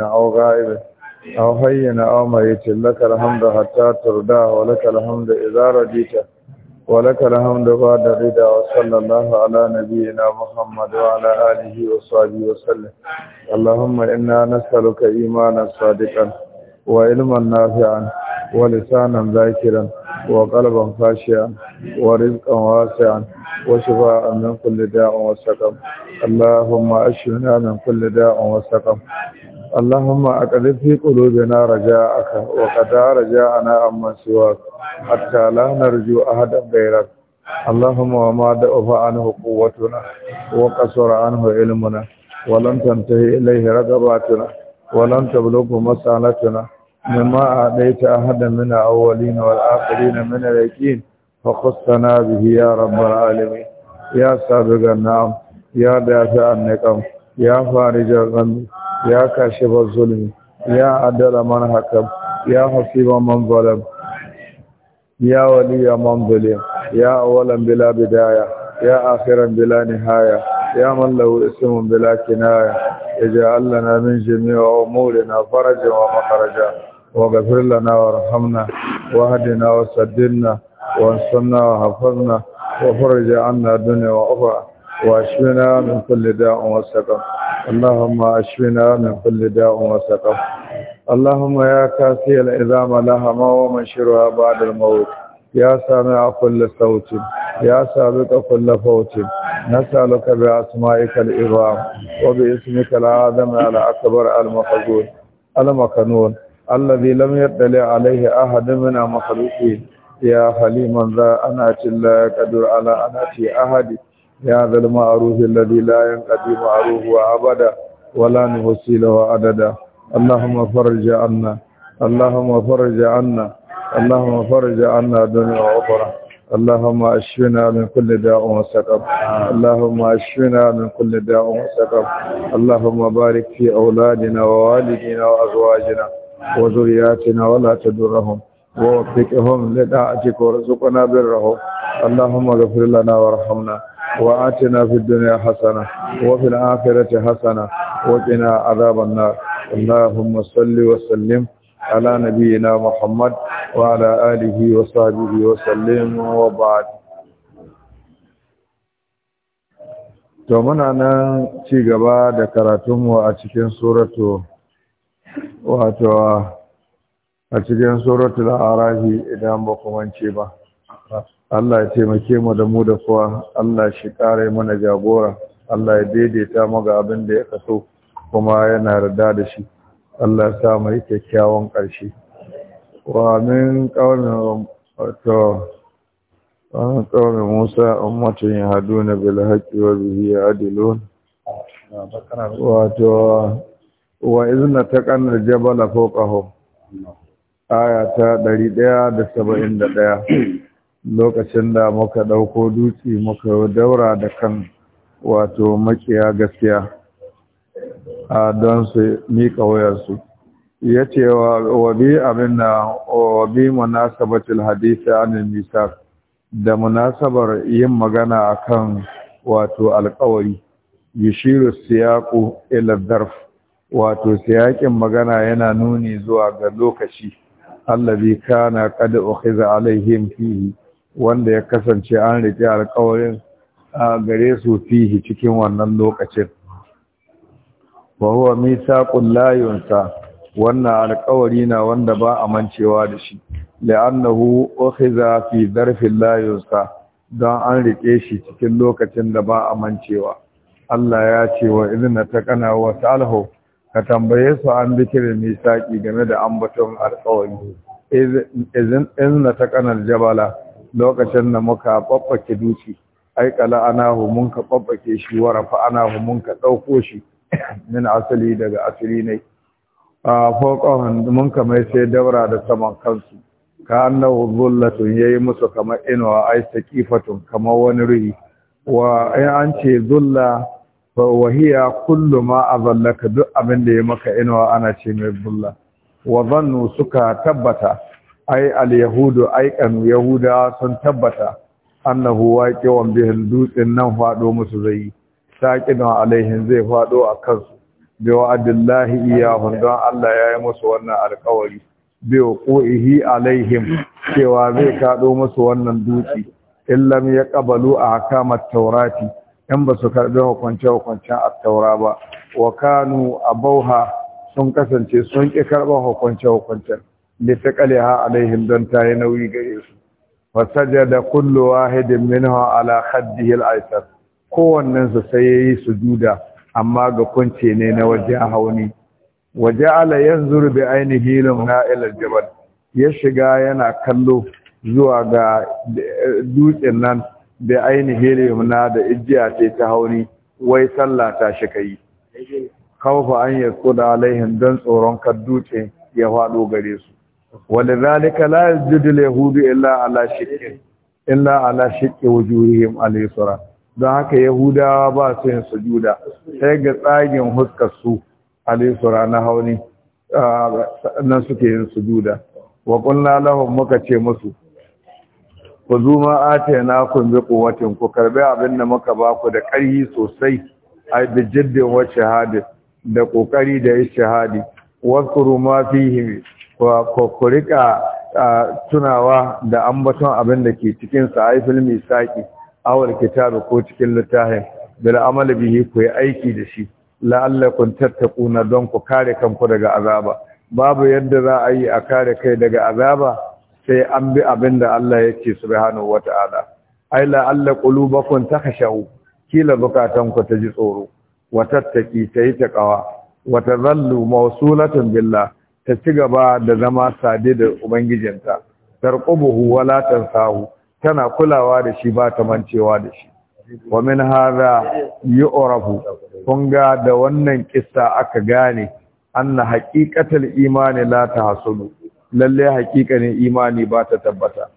أو غائب أو حي أو ميت لك الحمد حتى ترضى ولك الحمد إذا رضيت ولك الحمد بعد الرضا وصلى الله على نبينا محمد وعلى آله وصحبه وسلم اللهم إنا نسألك إيمانا صادقا وعلما نافعا ولسانا ذاكرا وقلبا خاشعا ورزقا واسعا وشفاء من كل داء وسقم اللهم اشفنا من كل داء وسقم اللهم اقلب في قلوبنا رجاءك وقد رجاءنا عمن سواك حتى لا نرجو احدا غيرك اللهم وما ضعف عنه قوتنا وقصر عنه علمنا ولم تنتهي اليه رغباتنا ولم تبلغه مسالتنا مما أعديت أحدا من الأولين والآخرين من اليقين فقصنا به يا رب العالمين يا سابق النعم يا دافع النقم يا فارج الغم يا كاشف الظلم يا عدل من حكم يا حسيب من ظلم يا ولي من ظلم يا أولا بلا بداية يا آخرا بلا نهاية يا من له اسم بلا كناية اجعل لنا من جميع أمورنا فرجا ومخرجا واغفر لنا وارحمنا واهدنا وسددنا وانصرنا وحفظنا وفرج عنا الدنيا وأخرى واشفنا من كل داء وسقم اللهم اشفنا من كل داء وسقم اللهم يا كاسي العظام لها ما ومنشرها بعد الموت يا سامع كل صوت يا سابق كل فوت نسألك بأسمائك الإرام وباسمك العظم الأكبر المخزون المكنون الذي لم يطلع عليه أحد من مخلوقين يا حليم ذا أنا لا يقدر على أناتي أحد يا ذا المعروف الذي لا ينقضي معروفه أبدا ولا نحصي له عددا اللهم فرج عنا اللهم فرج عنا اللهم فرج عنا دنيا وأخرى اللهم اشفنا من كل داء وسقم اللهم اشفنا من كل داء وسقم اللهم بارك في اولادنا ووالدينا وازواجنا وزرياتنا ولا تدرهم ووفقهم لطاعتك وارزقنا برهم اللهم اغفر لنا ورحمنا وآتنا في الدنيا حسنة وفي الآخرة حسنة وقنا عذاب النار اللهم صل وسلم على نبينا محمد وعلى آله وصحبه وسلم وبعد to muna nan ci gaba da karatunmu a cikin suratu wato a cikin suratul arahi idan ba mance ba Allah ya taimake mu da mu da kowa Allah shi kare mana jagora Allah ya daidaita mu ga abin da ya kaso kuma yana rada da shi Allah ya sa mu kyakkyawan karshe. wa min qawlin wato an qawlin Musa ummatun yahduna bil haqqi wa bihi adilun wato wa izna kanar jabala da aya ta 171 lokacin da muka dauko dutse muka daura da kan wato makiya gaskiya a don su mika wayarsu ya ce wa bi abin na wa bi munasabatul hadisi anil misar da munasabar yin magana akan wato alƙawari yushiru siyaqu ila darf wato siyakin magana yana nuni zuwa ga lokaci allazi kana qad ukhiza alaihim fihi wanda ya kasance an rike alƙawarin a gare su fihi cikin wannan lokacin wa huwa mithaqul la yunsa wannan alƙawari na wanda ba a mancewa da shi la'annahu ukhiza fi darfin la yunsa don an rike shi cikin lokacin da ba a mancewa Allah ya ce wa idna taqana wa ta'alahu ka tambaye su an bikin nisaƙi game da ambaton alƙawari izin na ta kanar jabala lokacin da muka babbake duci aikala anahu mun ka babbake shi warafa ana anahu mun ka ɗauko shi min asali daga asali ne a fokon mun ka mai sai daura da saman kansu ka annahu zullatun yayi musu kamar inuwa ai kifatun kamar wani ruhi wa an ce zulla fa hiya kullu ma azallaka duk abin da ya maka inuwa ana ce mai bulla wa zannu suka tabbata ai al yahudu ai kan yahuda sun tabbata annahu waqi'un bihi dutsin nan fado musu zai saqinu alaihin zai fado a kansu bi adillahi iya don Allah ya yi musu wannan alƙawari bi waqihi alaihim cewa zai kado musu wannan dutsi illam yaqbalu ahkamat tawrati in ba su karbi hukunce-hukuncen taura ba wa kanu abauha sun kasance sun ƙi karɓar hukunce-hukuncen da ta ƙaliha alaihim don ta yi nauyi gare su fasaja da kullu wahidin minha ala khaddihi al-aysar kowannen su sai yayi sujuda amma ga kunce ne na waje hauni waje ala yanzuru bi ainihi lumna ila jabal ya shiga yana kallo zuwa ga dutsen nan da ainihi na da ijiya ce ta hauni wai sallah ta shi kai kawfa an kula alaihim dan tsoron kadduce ya faɗo gare su walidhalika la yajidu yahudu illa ala illa ala shirki wujuhihim al-yusra don haka yahudawa ba su yin sujuda sai ga tsagin huskar su al na hauni nan suke yin sujuda wa qulna lahum muka ce musu ku zuma na ku bi kuwatin ku karbi abin da muka ba ku da ƙarfi sosai ai bi jiddin shahada da kokari da wa kuru ma fihi wa kokurika tunawa da ambaton abin da ke cikin sa ai filmi saki awal kitab ko cikin littafin bil amal bihi ku yi aiki da shi la'allakum tattaquna don ku kare kanku daga azaba babu yadda za a yi a kare kai daga azaba sai an bi abin da Allah ya ce subhanahu wata'ala ai alla qulubakum takhashaw kila zukatan ku ta ji tsoro wa tattaki tayi kawa. wa tazallu mawsulatun billah ta ci gaba da zama sade da ubangijinta tarqubuhu wa la tansahu tana kulawa da shi ba ta mancewa da shi wa min hadha yu'rafu kunga da wannan kissa aka gane anna haqiqatul imani la tahsulu lalle hakikanin imani ba ta tabbata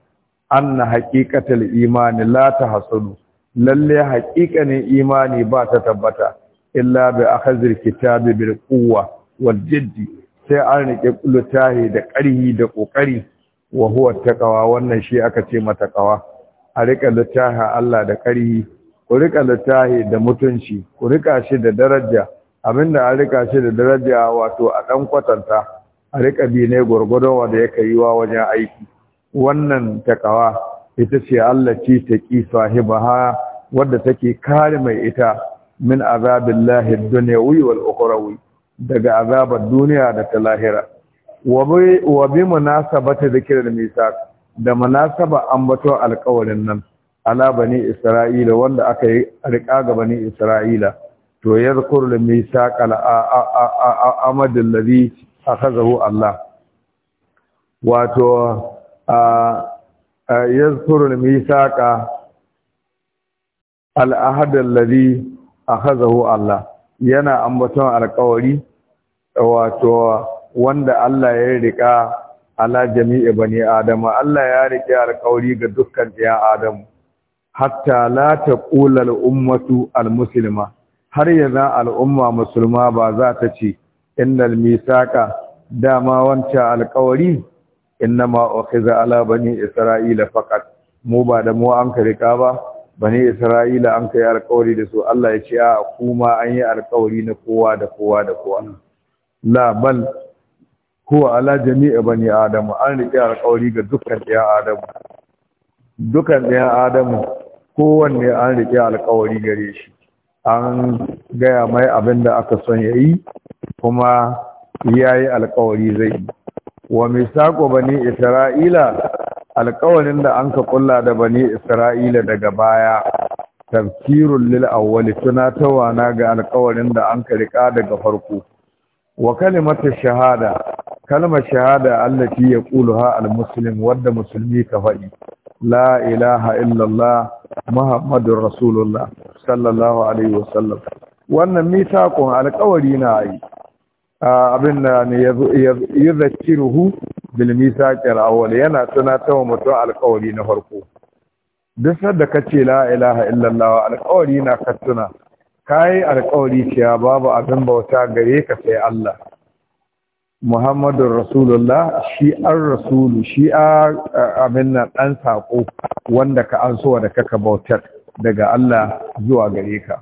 anna haqiqatul imani la tahsulu lalle hakikanin imani ba ta tabbata illa bi akhazil kitabi bil quwwa wal jiddi sai an rike kulutahi da ƙarhi da kokari wa huwa taqwa wannan shi aka ce mata ƙawa. a rika littahi Allah da ƙarhi ku rika littahi da mutunci ku rika shi da daraja abinda a rika shi da daraja wato a dan kwatanta a riƙa bi ne gwargwadon da ya yi wa wajen aiki wannan takawa ita ce Allah ci ta ƙi sahibaha wadda take kare mai ita min azabillahi dunyawi wal ukhrawi daga azabar duniya da ta lahira wa bi munasabati zikril misaq da munasaba ambato alƙawarin nan ala bani isra'ila wanda aka yi riƙa ga bani isra'ila to yadhkur al misaq al amad alladhi akhazahu Allah wato a yazkurul misaqa al-ahad alladhi akhazahu Allah yana ambaton alƙawari wato wanda Allah ya rika ala jami'i bani adam Allah ya rike alƙawari ga dukkan ya adam hatta la taqulal ummatu almuslima har yanzu al'umma musulma ba za ta ce innal misaqa dama wancan alƙawari ma ukhiza ala bani isra'ila faqat mu ba da mu an karika ba bani isra'ila an kai alƙawari da su Allah ya ce a kuma an yi alƙawari na kowa da kowa da kowa la bal huwa ala jami'i bani adamu an rike alƙawari ga dukkan ɗayan adamu dukkan ɗayan adamu kowanne an rike alƙawari gare shi an gaya mai abin da aka son ya yi kuma ya yi alkawari zai yi wa misako bani isra'ila alkawarin da an ka kulla da bane isra'ila daga baya tafsirun lil awwali tunatawa na ga alkawarin da an ka rika daga farko wa kalimatu shahada kalmar shahada allati yaquluha almuslim wadda musulmi ka faɗi la ilaha illallah muhammadur rasulullah sallallahu alaihi wasallam wannan misakon alkawari na yi abin da ne ya zaci ruhu bilmisa awwal yana wa mutum alkawari na farko duk sadda ka ce la ilaha illallah alkawari na ka yi alkawari cewa babu abin bauta gare ka sai Allah Muhammadun Rasulullah shi an rasulu shi abin nan ɗan saƙo wanda ka an so da kaka bautar daga Allah zuwa gare ka.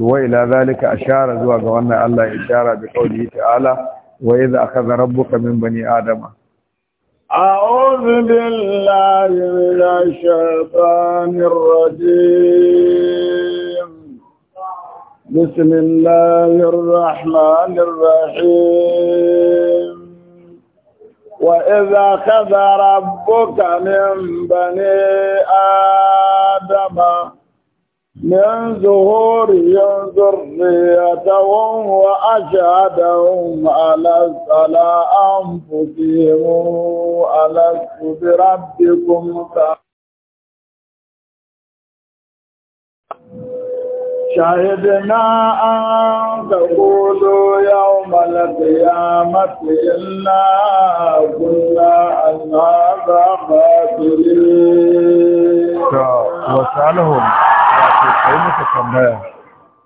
وإلى ذلك أشار ذو أقوانا الله إشارة بقوله تعالى وإذا أخذ ربك من بني آدم أعوذ بالله من الشيطان الرجيم بسم الله الرحمن الرحيم وإذا أخذ ربك من بني آدم من ظهور ينظر ذريتهم وأشهدهم ألست على أنفسهم ألست بربكم شهدنا أن تقولوا يوم القيامة إنا كنا عن هذا خاسرين. وسألهم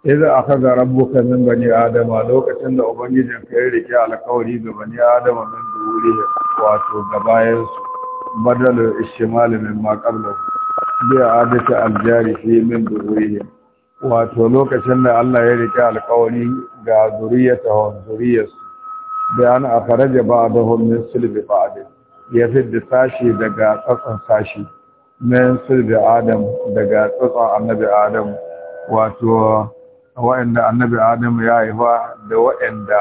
إذا أخذ ربك من بني آدم ألوك تند أبني جنكيرك على قولي بني آدم من دوله واتو قبائز بدل الشمال مما قبله بعادة الجار في من دوله واتو لوك تند الله يريك على قولي بعذرية وعذرية بأن أخرج بعضهم من سلب بعض يفد ساشي دقا قصا ساشي min sulbi adam daga tsotson annabi adam wato wa'anda annabi adam ya haifa da wa'anda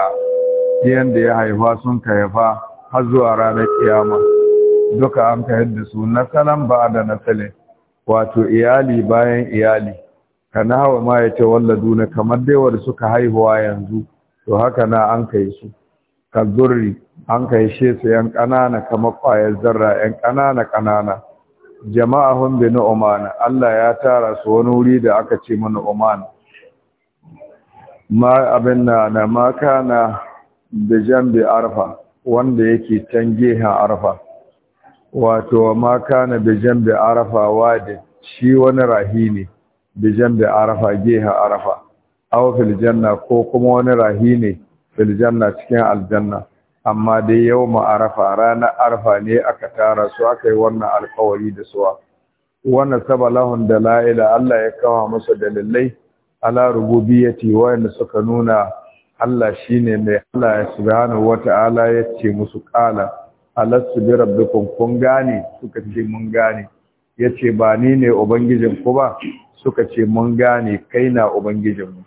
ɗiyan ya haifa sun ka haifa har zuwa ranar kiyama duka an ka yadda su nasalan ba da nasalin wato iyali bayan iyali kana hawa ma ya ce walladuna kamar daiwar suka haihuwa yanzu to haka na an ka su ka an ka shesu yan ƙanana kamar ƙwayar zarra yan ƙanana ƙanana Jama'a jama'ahum bi oman Allah ya tara su wani wuri da aka ce mana Oman ma abin na na maka na da jambi arfa wanda yake can gehen arfa wato ma kana da jambi arfa wadi shi wani rahi ne da jambi arfa gehen arfa aw fil janna ko kuma wani rahi ne fil janna cikin aljanna amma dai yau ma'arafa ranar arfa ne aka tara su aka yi wannan alkawari da suwa wannan sabalahun da la'ila Allah ya kawo masa dalilai ala rububiyyati wanda suka nuna Allah shine mai Allah subhanahu wata'ala ya ce musu kala alastu bi rabbikum kun gane suka ce mun gane Ya ce ba ni ne ubangijin ku ba suka ce mun gane kai na ubangijin mu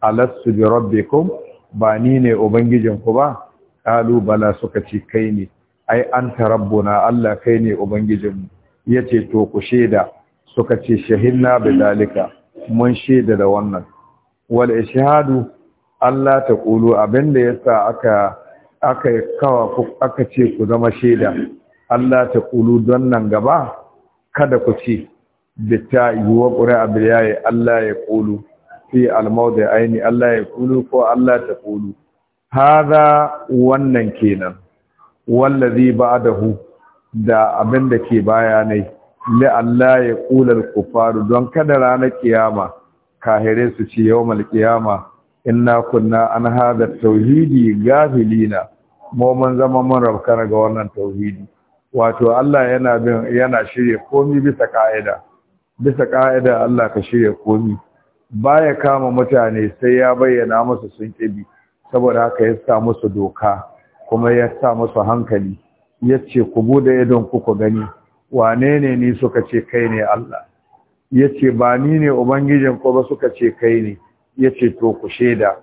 alastu bi rabbikum ba ni ne ubangijin ku ba kalu bala suka ce kai ne ai anta na Allah kai ne ubangijinmu yace to ku sheda suka ce shahidna bidalika mun sheda da wannan wal ishhadu Allah ta kulu abinda yasa aka aka kawa ku aka ce ku zama sheda Allah ta kulu don nan gaba kada ku ce bita yuwa qura abiyaye Allah ya kulu fi almawdi aini Allah ya kulu ko Allah ta kulu hadha wannan kenan wallazi ba'dahu da abin da ke baya ne la Allah ya kula kufaru don kada ranar kiyama kahire su ci yawmal kiyama inna kunna an hada tauhidi gafilina mu mun zama mun rabkar ga wannan tauhidi wato Allah yana bin yana shirye komi bisa ka'ida bisa ka'ida Allah ka shirye komi baya kama mutane sai ya bayyana musu sun kibi saboda haka ya sa musu doka kuma ya sa musu hankali ya ce ku bude idon ku gani wane ne ni suka ce kai ne Allah ya ce ba ni ne ubangijin ko ba suka ce kai ne ya ce to ku shaida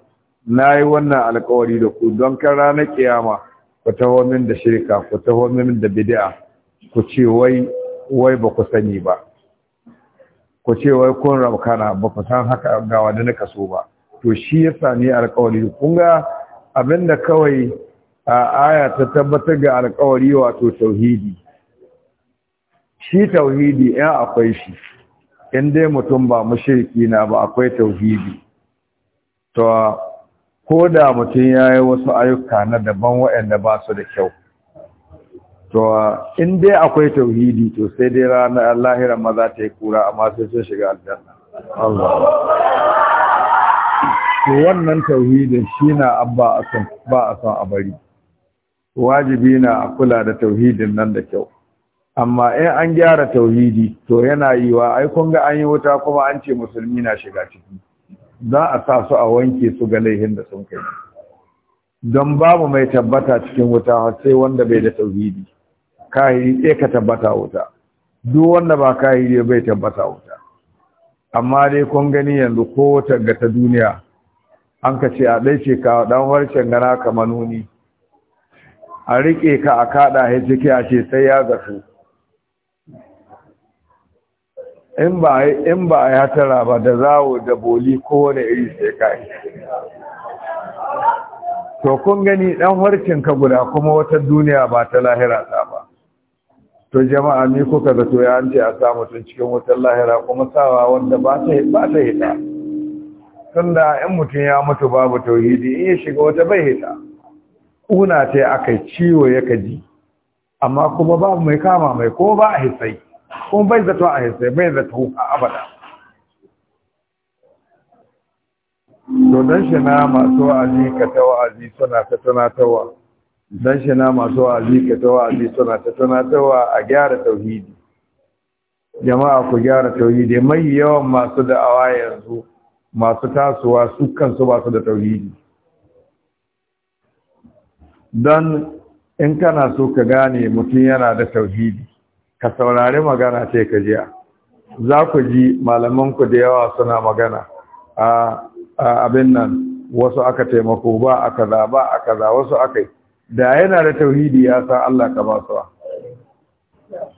na yi wannan alkawari da ku don kan ranar kiyama ku taho min da shirka ku taho min da bid'a ku ce wai wai ba ku sani ba ku ce wai kun rabkana ba ku san haka ga wanda nika so ba to shi ya sami alkawari kun ga abinda kawai a aya ta tabbatar ga alkawari wato tauhidi shi tauhidi ya akwai shi in dai mutum ba mushriki na ba akwai tauhidi to ko da mutum ya yi wasu ayyuka na daban waɗanda ba su da kyau to in dai akwai tauhidi to sai dai ranar lahira maza ta yi kura amma sai sun shiga aljanna Allah to wannan tauhidin shi na abba ba a son a bari wajibi na a kula da tauhidin nan da kyau amma in an gyara tauhidi to yana yi wa ai kun ga an yi wuta kuma an ce musulmi na shiga ciki za a sa su a wanke su ga laihin da sun kai don babu mai tabbata cikin wuta sai wanda bai da tauhidi kahiri sai ka tabbata wuta duk wanda ba kahiri bai tabbata wuta amma dai kun gani yanzu ko wata ga ta duniya an ka ce a ɗaice ka ɗan warcen gana ka manuni a riƙe ka a kaɗa ya ciki a ce sai ya gasu in ba a ya tara ba da zawo da boli kowane iri sai ka yi. to kun gani ɗan warcen ka guda kuma wata duniya ba ta lahira ta ba to jama'a ni kuka zato ya an a sa mutum cikin wutar lahira kuma sawa wanda ba ta hita tunda in mutum ya mutu babu tauhidi in ya shiga wata bai hita kuna ta aka ciwo ya kaji amma kuma babu mai kama mai ko ba a hisai kuma bai zato a hisai bai zato a abada to dan shi na masu wa'azi ka ta wa'azi suna ta tunatarwa dan shi na masu wa'azi ka ta wa'azi suna ta tunatarwa a gyara tauhidi jama'a ku gyara tauhidi mai yawan masu da'awa yanzu masu tasowa su kansu ba su da tauhidi don in kana so ka gane mutum yana da tauhidi ka saurari magana ce ka jiya za ku ji malamanku da yawa suna magana a abin nan wasu aka taimako ba a kaza ba a kaza wasu aka da yana da tauhidi ya san Allah ka ba su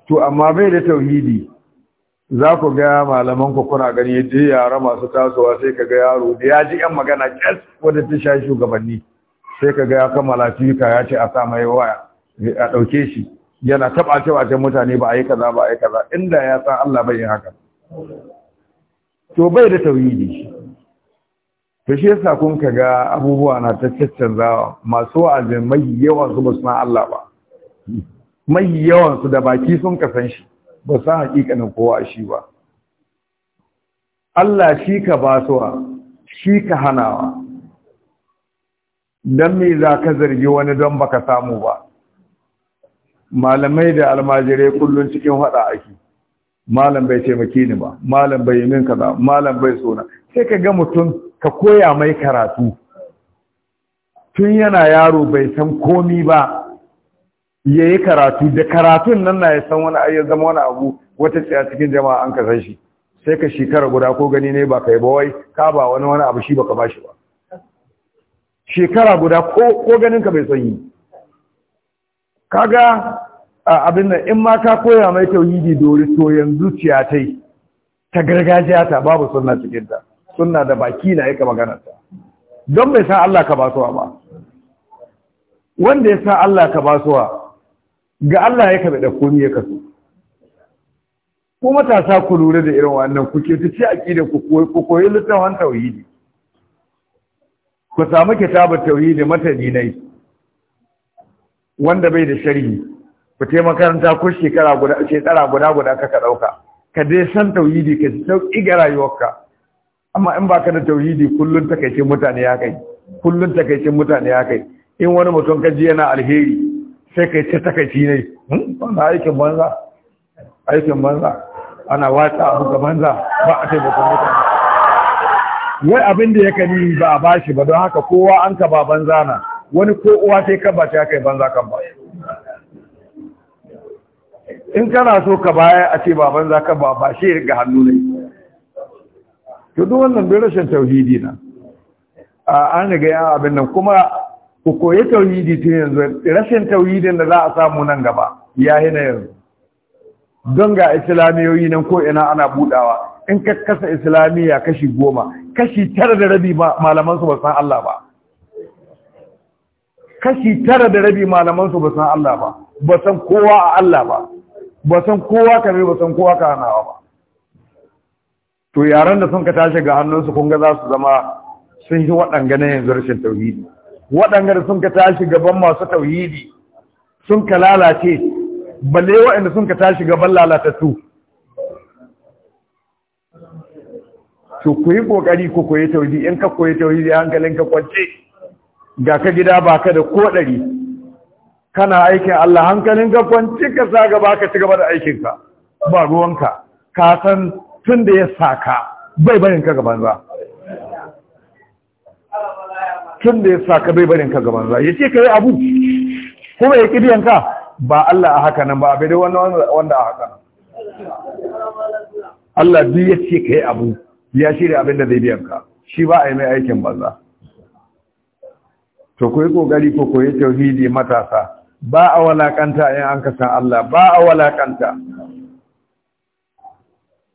to amma bai da tauhidi za ku ga malaman ku kuna gani ya yara masu tasowa sai ka ga yaro da ya ji yan magana kyas wadda ta sha shugabanni sai ka ga ya kammala tuka ya ce a sa mai waya a ɗauke shi yana taɓa cewa ta mutane ba a yi kaza ba a yi kaza inda ya san Allah bai yi haka to bai da tauhidi shi to shi yasa kun kaga abubuwa na ta caccanzawa masu wa'azi mai yawan su ba su Allah ba mai yawan su da baki sun kasan shi ba san hakikanin kowa shi ba Allah shi ka basuwa shi ka hanawa don me za ka zargi wani don baka samu ba malamai da almajirai kullum cikin hada ake malam bai taimake ni ba malam bai min kaza malam bai sona sai ka ga mutum ka koya mai karatu tun yana yaro bai san komi ba ya yi karatu da karatun nan na ya san wani ayyar zama wani abu wata ce a cikin jama'a an ka shi sai ka shekara guda ko gani ne ba ka yi bawai ka ba wani wani abu shi ba ka ba shi ba shekara guda ko ganin ka bai son yi kaga abin nan in ma ka koya mai tauhidi dori to yanzu tiyatai ta gargajiya ta babu sunna cikin ta sunna da baki na yake magana ta don bai san Allah ka basuwa ba wanda ya san Allah ka basuwa ga Allah ya kaɓe da komi ya kaso ko matasa ku lura da irin wannan ku ke tace aqida ku ku koyi littafin tauhidi ku samu kitabar tauhidi matani nai wanda bai da sharhi ku te makaranta ko shekara guda shekara guda guda kaka dauka ka dai san tauhidi ka sauƙi ga rayuwarka amma in ba ka da tauhidi kullun takaicin mutane ya kai kullun takaicin mutane ya kai in wani mutum ka ji yana alheri sai kai ta takaici ne hmm? wanda aikin banza aikin banza ana wata abu ga banza ba a bakon mutane wai abin da ya kani ba a bashi ba don haka kowa an ka ba banza na wani ko uwa sai ka ba ta kai banza kan ba in kana so ka baya a ce ba banza kan ba ba shi ga hannu ne to duk wannan bai rashin tauhidi na a an riga yan abin nan kuma ku koyi tauhidi tun yanzu rashin tauhidin da za a samu nan gaba ya yi na yanzu don ga islamiyoyi nan ko ina ana budawa in ka kasa islamiyya kashi goma kashi tara da rabi malaman su ba san Allah ba kashi tara da rabi malaman su ba san Allah ba ba san kowa a Allah ba ba san kowa kare ba san kowa ka hana ba to yaran da sun ka tashi ga hannunsu kun ga za su zama sun yi waɗanga na yanzu rashin tauhidi waɗanda sun ka tashi gaban masu tauhidi sun ka lalace balle waɗanda sun ka tashi gaban lalatattu to ku yi ƙoƙari ku koyi tauhidi in ka koyi tauhidi hankalin ka kwance ga ka gida ba ka da koɗari kana aikin Allah hankalin ka kwance ka sa gaba ka ci gaba da aikinka ba ruwanka ka san tun da ya saka bai barin ka gaban za tun da ya sa ka bai barinka ka gaban za ya ce ka yi abu kuma ya ƙidiyan ka ba Allah a haka nan ba a bai wanda a haka nan. Allah duk ya ce ka yi abu ya shirya abin da zai biyan ka shi ba a yi mai aikin banza to ku yi kokari ko koyi tauhidi matasa ba a walakanta in an kasan Allah ba a walakanta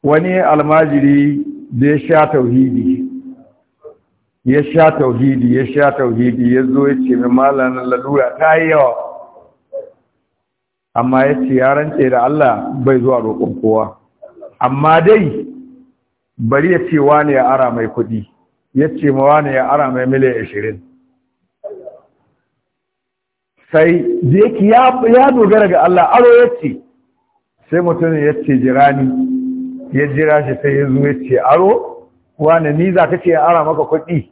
wani almajiri da ya sha tauhidi ya sha tauhidi ya sha tauhidi ya zo ya ce mai malamin lalura ta yi yawa amma ya ce ya rance da Allah bai zuwa roƙon kowa amma dai bari ya ce wani ya ara mai kuɗi ya ce ma wani ya ara mai miliyan ashirin sai da yake ya dogara ga Allah aro ya ce sai mutumin ya ce jirani ya jira shi sai ya zo ya ce aro wani ni za ka ce ya ara maka kuɗi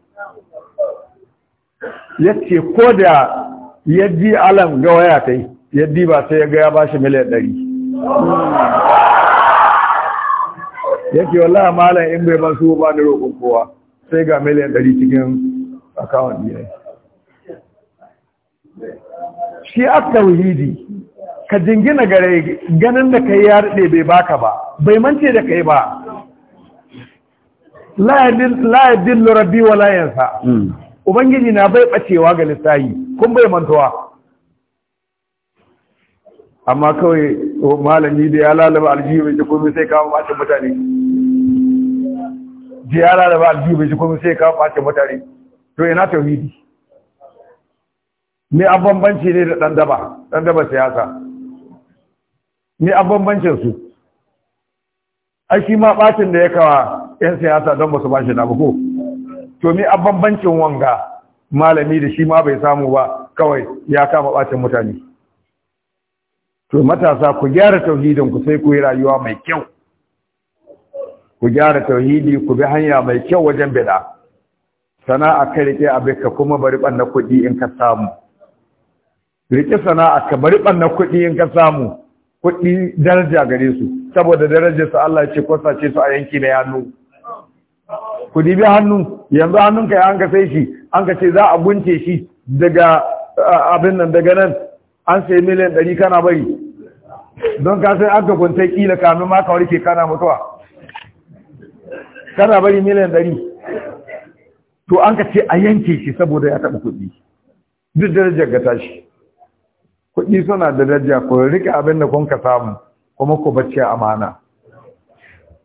ya ce ko da yaddi alam ga waya ta yi yaddi ba sai ya ga ya bashi miliyan ɗari ya ce a malam in bai ban su ba ni roƙon kowa sai ga miliyan ɗari cikin akawun biyar. shi a tauhidi ka jingina gare ganin da kai ya rade bai baka ba bai mance da kai ba la lura biyu wa la yansa hmm. ubangiji na bai ɓacewa ga lissahi kun bai mantuwa amma kawai malami da ya lalaba aljihu bai ji komai sai kawo ɓacin mutane da ya lalaba aljihu bai ji komai sai kawo ɓacin mutane to ina tauhidi me bambanci ne da ɗandaba, daba daba siyasa me bambancin su ai shi ma ɓacin da ya kawa yan siyasa don ba su shi na ba ko to a bambancin wanga malami da shi ma bai samu ba kawai ya kama bacin mutane to matasa ku gyara tauhidin ku sai ku yi rayuwa mai kyau ku gyara tauhidi ku bi hanya mai kyau wajen bid'a sana'a ka rike abin ka kuma bari banna kuɗi in ka samu rike sana'a ka bari banna kuɗi in ka samu kuɗi daraja gare su saboda darajar sa Allah ce ce su a yanki na yanu ku dibi hannu yanzu hannun ka an ka sai shi an ka ce za a bunce shi daga abin nan daga nan an sai miliyan ɗari kana bari don ka sai an ka kuntai kila kamin ma ka ke kana mutuwa kana bari miliyan ɗari to an ka ce a yanke shi saboda ya taɓa kuɗi duk darajar ga tashi kuɗi suna da daraja ku rike abin da kun ka samu kuma ku bacci amana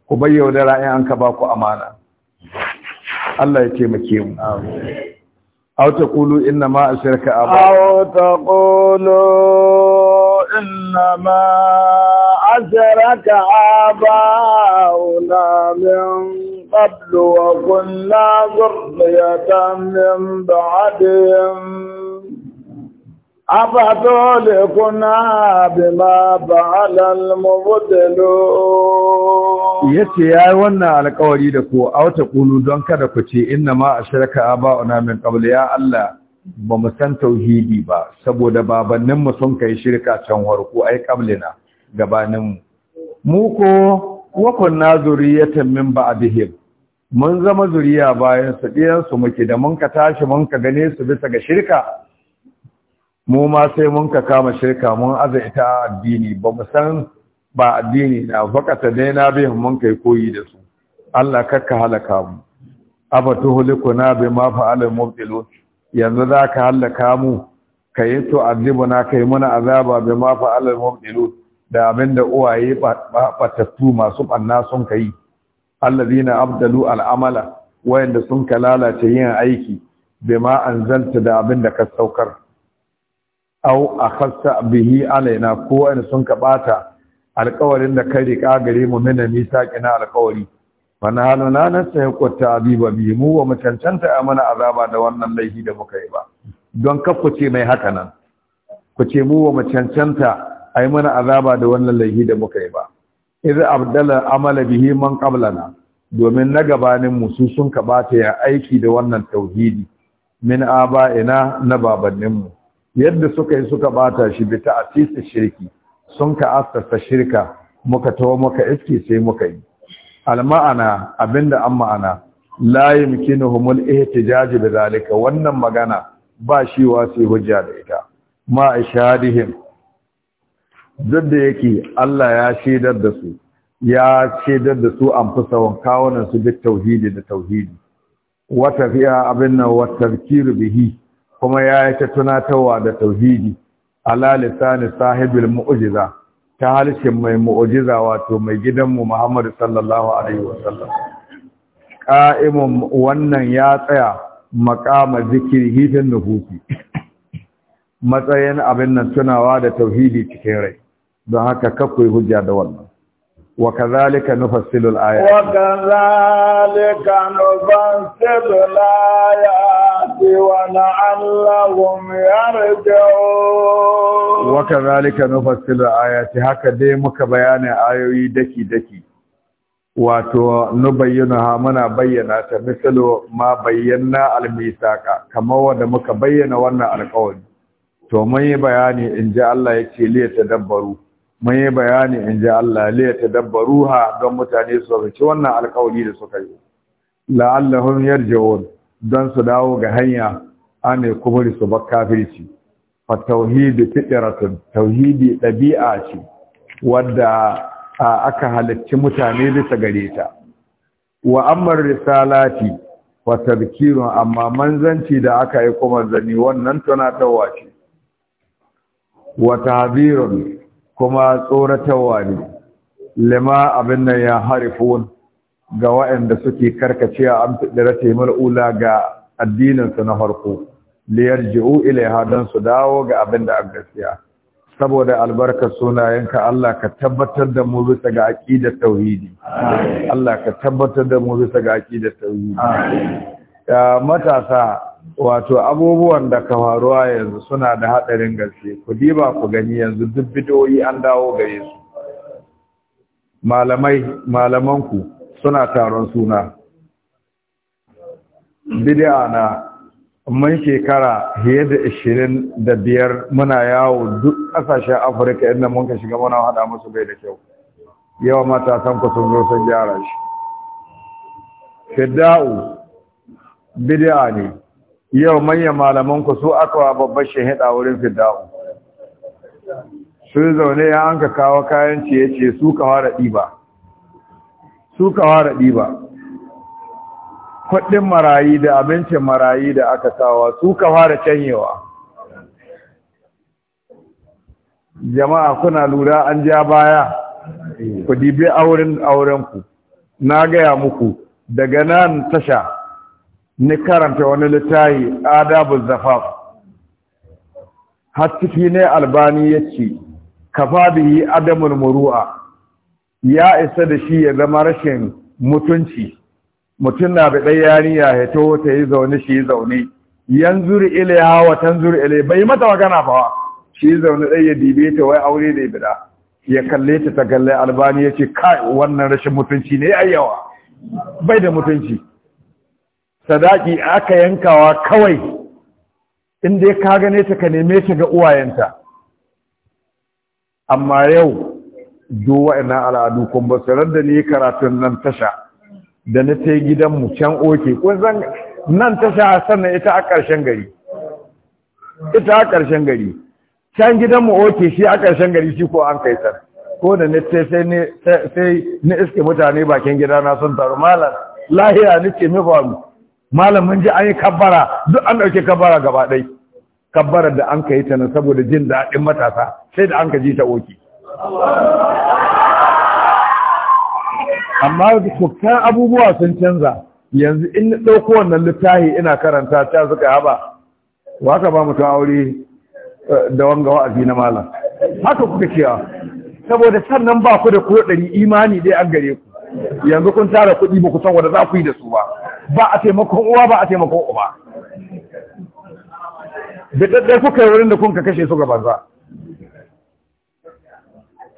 ku bayyau da ra'ayin an ka ba ku amana Allah ya taimake mu aw taqulu inna ma asharaka aba aw taqulu inna ma asharaka aba min wa kunna zurriyatan min ba'dihim أفتولكنا بما فعل المبتلون yace yayi wannan alƙawari da ku auta kulu don kada ku ce inna ma ashraka aba'una min qabl ya Allah ba mu san tauhidi ba saboda babannin mu sun kai shirka can warko ai qablina gabanin mu mu ko wa kunna zuriyatan min ba'dihim mun zama zuriya bayan su diyan muke da mun tashi mun ka gane bisa ga shirka mu ma sai mun ka kama shirka mun aza ita addini ba mu san ba addini na fakata dai na bihin mun kai koyi da su Allah karka halaka mu abatuhulikuna bima fa'ala mubtilu yanzu za zaka halaka mu kai to azibuna kai muna azaba bima fa'ala mubtilu da abinda uwaye batattu masu banna sun kai allazina abdalu al'amala wayanda sun ta yin aiki bima anzalta da abinda ka saukar au A akhasta bihi alaina ko wani sun ka bata alƙawarin da kai riƙa gare mu mina saki na alƙawari wani halu na nan sai kwata bi ba bi mu wa mu cancanta mana azaba da wannan laifi da muka yi ba don ka ku ce mai haka nan ku ce mu wa mu cancanta ai mana azaba da wannan laifi da muka yi ba idza abdala amala bihi man qablana domin na gabanin mu su sun ka bata ya aiki da wannan tauhidi min ina na babanninmu yadda suka yi suka bata shi bi ta'asisi shirki sun ka assasa shirka muka tawo muka iske sai muka yi alma'ana abinda an ma'ana la yumkinuhumul ihtijaj da zalika wannan magana ba shi wa sai hujja da ita ma ashadihim duk da yake Allah ya shaidar da su ya shaidar da su an fi sawan kawunan su bi tauhidi da tauhidi wata fiya abin nan wa bihi kuma ya yi ta tunatarwa da tauhidi ala lisani sahibul mu'jiza ta halshen mai mu'jiza wato mai gidanmu Muhammadu sallallahu alaihi wasallam qa'imun wannan ya tsaya maqama zikiri hifin nufusi matsayin abin nan tunawa da tauhidi cikin rai don haka kakwai hujja da wannan وكذلك نفصل الآيات وكذلك نفصل الآيات ولعلهم يرجعون وكذلك نفصل الآيات هكذا مك بيان آيوي دكي دكي wato nubayyinaha muna bayyana ta misalo ma bayyana almisaka kamar wanda muka bayyana wannan alƙawari to mun yi bayani in ji Allah ya ce liya tadabbaru mun yi bayani in ji Allah dabba ruha don mutane su rubuci wannan alkawari da suka yi la'allahum yarji'un don su dawo ga hanya ane kuburi su bar kafirci fa tauhidi fitratun tauhidi ɗabi'a ce wadda aka halarci mutane bisa gare ta wa ammar risalati wa tadhkirun amma manzanci da aka yi kuma zani wannan tana ce wa tahdhirun kuma tsoratarwa ne lima abin nan ya harifun ga waɗanda suke karkacewa an fidira taimar ula ga addininsu na farko liyar ji'u ilaiha don su dawo ga abin da gaskiya saboda albarkar sunayenka Allah ka tabbatar da mu bisa ga da tauhidi Allah ka tabbatar da mu bisa ga da tauhidi matasa wato abubuwan da ka faruwa yanzu suna da haɗarin gaske ku diba ku gani yanzu duk bidoyi an dawo gare su malamai malamanku suna taron suna bid'a na mun shekara fiye da ishirin da biyar muna yawo duk ƙasashen afirka inda mun ka shiga muna haɗa musu bai da kyau yawa matasan ku sun zo sun gyara shi fidda'u bid'a ne yau manyan malaman ku su aka wa babbar shahida wurin fidda'u su zaune ya an ka kawo kayan ciye-ciye su ka fara ɗiba su ka fara kuɗin marayi da abincin marayi da aka kawo su ka fara canyewa jama'a kuna lura an ja baya ku dibi auren aurenku na gaya muku daga nan tasha ni karanta wani littafi adabu zafaf har ciki ne albani ya ce kafa bihi adamul muru'a ya isa da shi ya zama rashin mutunci mutum na bi ɗaya ya heto ta yi zaune shi zaune yanzu ile hawa tanzur ile bai mata magana ba shi zaune dai ya dibe ta wai aure da bida ya kalle ta ta kalle albani ya ce kai wannan rashin mutunci ne yawa bai da mutunci sadaki aka yankawa kawai in dai ka gane ta ka neme ta ga uwayenta amma yau duwa ina al'adu kun ba su da ni karatun nan tasha da na ta gidanmu can oke zan nan tasha a sannan ita a ƙarshen gari ita a ƙarshen gari can gidanmu oke shi a ƙarshen gari shi ko an kai sar ko da na ta sai ni iske mutane bakin gidana sun taru malar lahiya ni ce mi mu? malam mun ji an yi kabbara duk an ɗauki kabbara gaba ɗai kabbarar da an ka ta nan saboda jin daɗin matasa sai da an ka ji ta oki amma dukkan abubuwa sun canza yanzu in ɗauko wannan littafi ina karanta ta suka haba waka ba mutum aure eh, da wanga wa'azi na malam haka kuka cewa ah. saboda sannan ba ku da kuɗin imani dai an gare ku yanzu kun tara kuɗi ba ku san wanda za ku yi da su ba ba a taimakon uwa ba a taimakon uba da kuka yi wurin da kun kashe su gaban za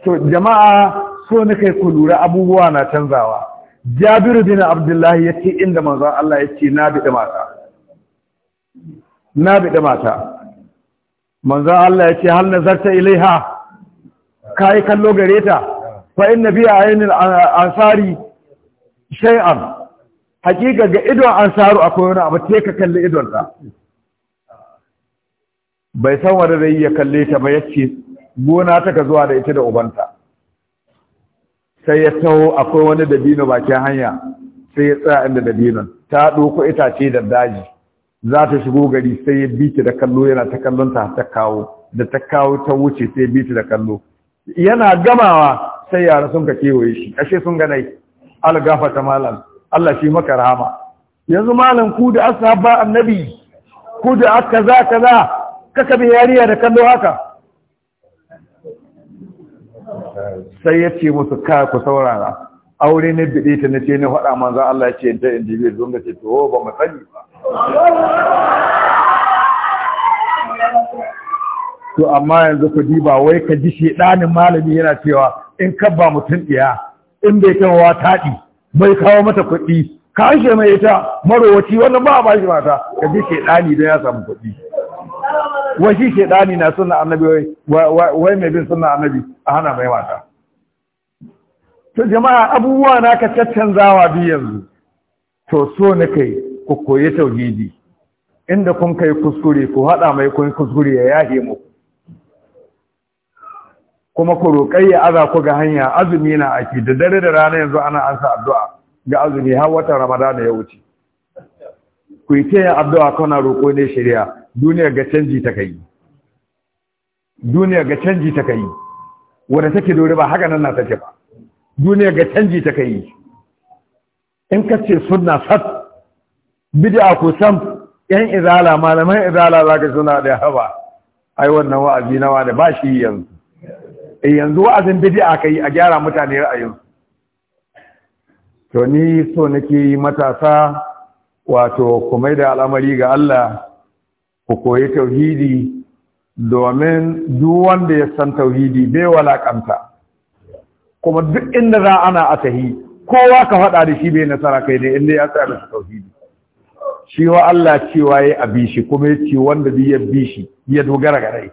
to jama'a so na kai ku lura abubuwa na canzawa jabiru bin abdullahi ya ce inda manzo Allah ya ce na biɗi mata na biɗi mata manzo Allah ya ce hal nazarta ilaiha kai kallo gare ta fa inna bi al ansari shay'an hakika ga idon an saru akwai wani abu te ka kalli idon ta bai san wani rai ya kalle ta ba yace gona ta ka zuwa da ita da ubanta sai ya taho akwai wani dabino bakin hanya sai ya tsaya inda dabinon ta ɗauko itace da daji za ta shigo gari sai ya bi ta da kallo yana ta kallon ta ta kawo da ta kawo ta wuce sai ya bi da kallo yana gamawa sai yara sun ka kewaye shi ashe sun ganai algafa ta malam Allah shi maka rahama yanzu malam ku da ashabba annabi ku da aka za ka za kaka bi yariya da kallo haka sai ya ce musu ka ku saurara aure ne bide ta nace ne faɗa manzo Allah ya ce ta indibi zunga ce to ba mu sani ba to amma yanzu ku diba wai ka ji shedanin malami yana cewa in ka ba mutum diya, in bai kan wa taɗi mai kawo mata kuɗi ka ashe mai ita marowaci wannan ba a bashi mata ka ji shedani don ya samu kuɗi wai shi na suna annabi wai mai bin suna annabi a hana mai mata to jama'a abubuwa na ka zawa biyu yanzu to so na kai ku koyi tauhidi inda kun kai kuskure ku haɗa mai kun kuskure ya yahe muku kuma ku roƙai ya aza ku ga hanya azumi na ake da dare da rana yanzu ana ansa addu'a ga azumi har watan ramadana ya wuce ku yi ta addu'a kana roƙo ne shari'a duniya ga canji ta kai duniya ga canji ta kai wanda take dore ba haka nan na take ba duniya ga canji ta kai in ka ce sunna sat bid'a ku sam yan izala malaman izala zaka suna da haba ai wannan wa'azi nawa da ba shi yanzu Eh, yanzu wa'azin bid'a kai a gyara mutane ra'ayin to ni so nake yi matasa wato ku mai da al'amari ga Allah ku koyi tauhidi domin duk wanda ya san tauhidi bai walakanta kuma duk inda za ana a tahi kowa ka faɗa da shi bai nasara kai ne inda ya tsaya tauhidi shi wa Allah cewa ya abi shi kuma ya ce wanda bi ya bi shi ya dogara ga rai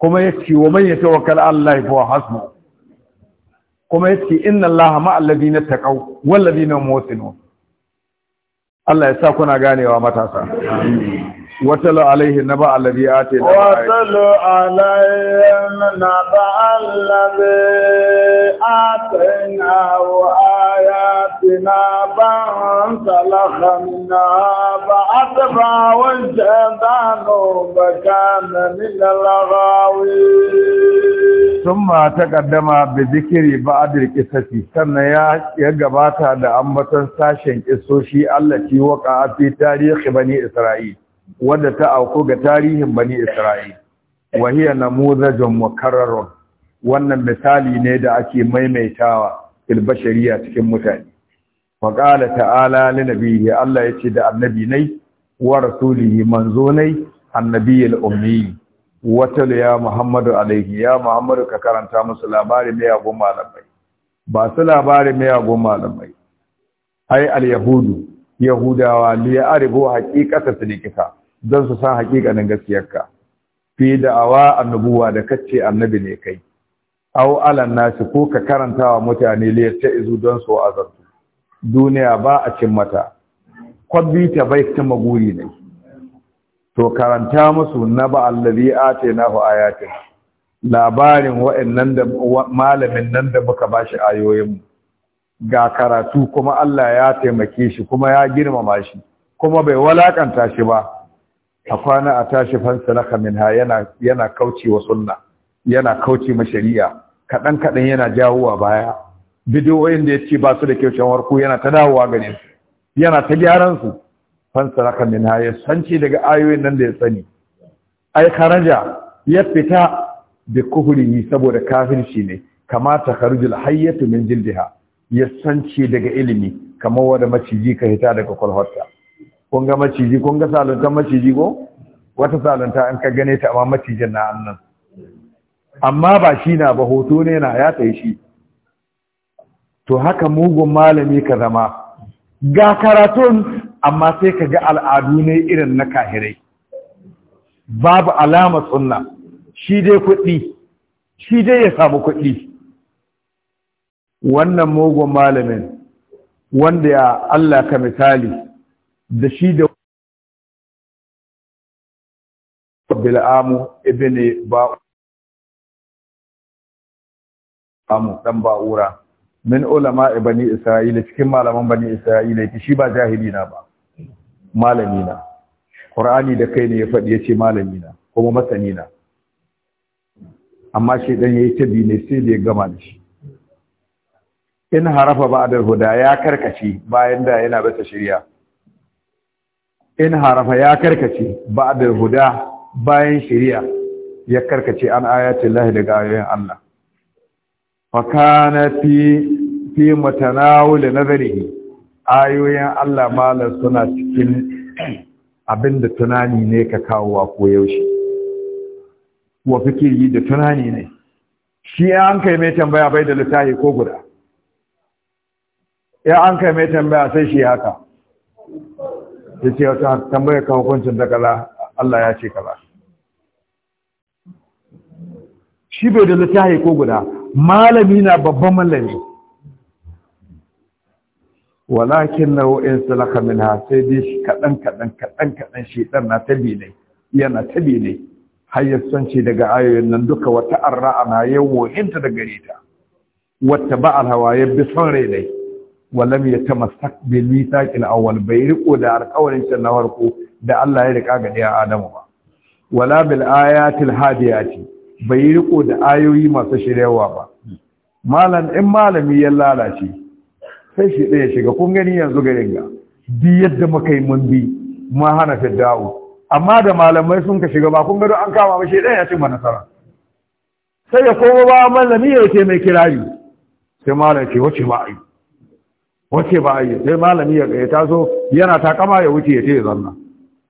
kuma yace wa man yatawakkal Allah fa hasbu kuma yace inna Allah ma'al na taqaw wal na muhsinun Allah ya sa kuna ganewa matasa amin watalo alaihi naba alladhi ate da watalo alaihi naba alladhi na wa ayati na ba an na ba ate ba wani jandano ba kana min alagawi. sun ma ta kaddama bi zikiri ba adir kisasi sannan ya gabata da ambaton sashen kisoshi allaci waka a fi tarihi bani isra'ila Wanda ta auko ga tarihin bani Isra'il wa hiya namuzajun mukarrarun wannan misali ne da ake maimaitawa fil bashariya cikin mutane wa qala ta'ala li nabiyyi Allah yace da annabi nai wa rasulihi manzo nai annabiyul ummi wata ya Muhammadu Alayhi, ya Muhammadu ka karanta musu labarin mai yagon malamai ba su labarin mai malamai ai al-yahudu yahudawa li arigo haqiqatan likita? don su san hakikanin gaskiyarka fi da'awa annabuwa da kace annabi ne kai aw alan nasi ko ka karanta wa mutane liyar ta izu don su azartu duniya ba a cin mata kwabbi ta bai ta maguri ne to karanta musu na ba allazi atainahu ayatin labarin wa'annan da malamin nan da muka bashi ayoyin ga karatu kuma Allah ya taimake shi kuma ya girmama shi kuma bai walakanta shi ba a kwana a tashi fansalaka minha yana yana kauce wa sunna yana kauce ma shari'a Kaɗan-kaɗan yana jawowa baya bidiyoyin da yace ba su da kyau shawar ku yana ta dawowa gare su yana ta gyaran su fansalaka minha ya sanci daga ayoyin nan da ya sani ai karaja ya fita bi kuhrihi saboda kafirci ne kama takharujul hayyatu min jildiha ya sanci daga ilimi kamar wanda maciji ka hita daga kwalhwarta kun ga maciji kun ga salantar maciji ko wata salunta an ka gane ta amma macijin na annan amma ba shi na ba hoto ne na ya tsaye shi to haka mugun malami ka zama ga karatun amma sai ka ga al'adu ne irin na kahirai babu alama sunna shi dai kuɗi shi dai ya samu kuɗi wannan mugun malamin wanda ya Allah ka misali da shi da bil'amu ibn ba amu dan ba'ura min ulama bani isra'ila cikin malaman bani isra'ila yake shi ba jahili na ba malami na qur'ani da kai ne ya faɗi ya malami na kuma masani amma shi dan yayi tabi ne sai da ya gama da shi in harafa ba'da huda ya karkace bayan da yana bata shirya. in harafa ya karkace da guda bayan shari'a ya karkace an ayatin lahi daga ayoyin Allah fa kana fi fi mutanawul nazarihi ayoyin Allah malar suna cikin abinda da tunani ne ka kawowa ko yaushe wa fikiri da tunani ne shi an kai mai tambaya bai da littafi ko guda ya an kai mai tambaya sai shi haka ya ce wata tambayar ka hukuncin da kaza Allah ya ce kaza shi bai da littafi ko guda malami na babban malami walakin na wa'in salaka min ha sai dai shi kaɗan kaɗan kaɗan kaɗan shi ɗan na tabi ne yana tabi ne har ya sanci daga ayoyin nan duka wata arra'a na yawo hinta da gare ta wata ba'al hawa ya bi son rai ne. walam ya ta bil mithaqil awwal bai riko da alƙawarin can na farko da Allah ya rika ga ɗaya Adamu ba wala bil ayatil hadiyati bai riko da ayoyi masu shiryawa ba malam in malami ya lalace sai shi ɗaya shiga kun gani yanzu garin ga bi yadda muka yi mun bi ma hana da'u amma da malamai sun ka shiga ba kun gado an kama ba shi ɗaya ya cimma nasara sai ya koma ba malami ya ce mai kirari sai malam ce wace ba wace ba a yi sai malami ya taso yana takama ya wuce ya ce ya zanna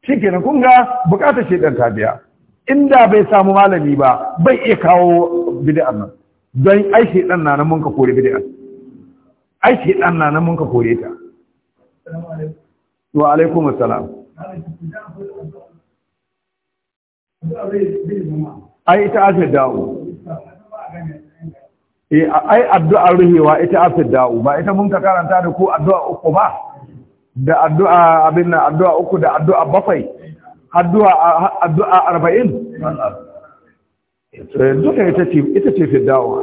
shi kenan kun ga bukatar shi ta biya inda bai samu malami ba bai iya kawo bidi'an nan don ai ɗan na nan mun ka kore bidi'an ai ɗan na nan mun ka kore ta wa alaikum assalam ai ita ake dawo eh ai addu'ar ruhewa ita da'u ba ita mun ka karanta da ku addu'a uku ba da addu'a abin nan addu'a uku da addu'a bakwai addu'a addu'a 40 eh, duka ita ce ita ce da'u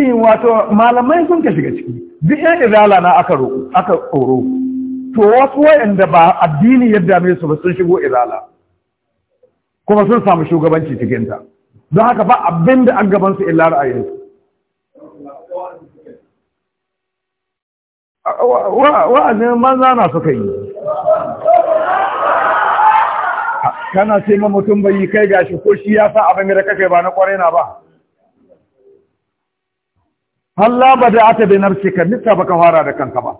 eh wato malamai sun ka shiga ciki duk ɗan izala na aka roƙo aka tsoro to wasu wayanda ba addini yadda mai su ba sun shigo izala kuma sun samu shugabanci cikinta don haka ba abin da an su illa su wa'azin maza na suka yi kana ce ma mutum bai yi kai gashi ko shi ya sa abin da kake ba na kwarai na ba halla ba da ata bai narce ka nita baka fara da kanka ba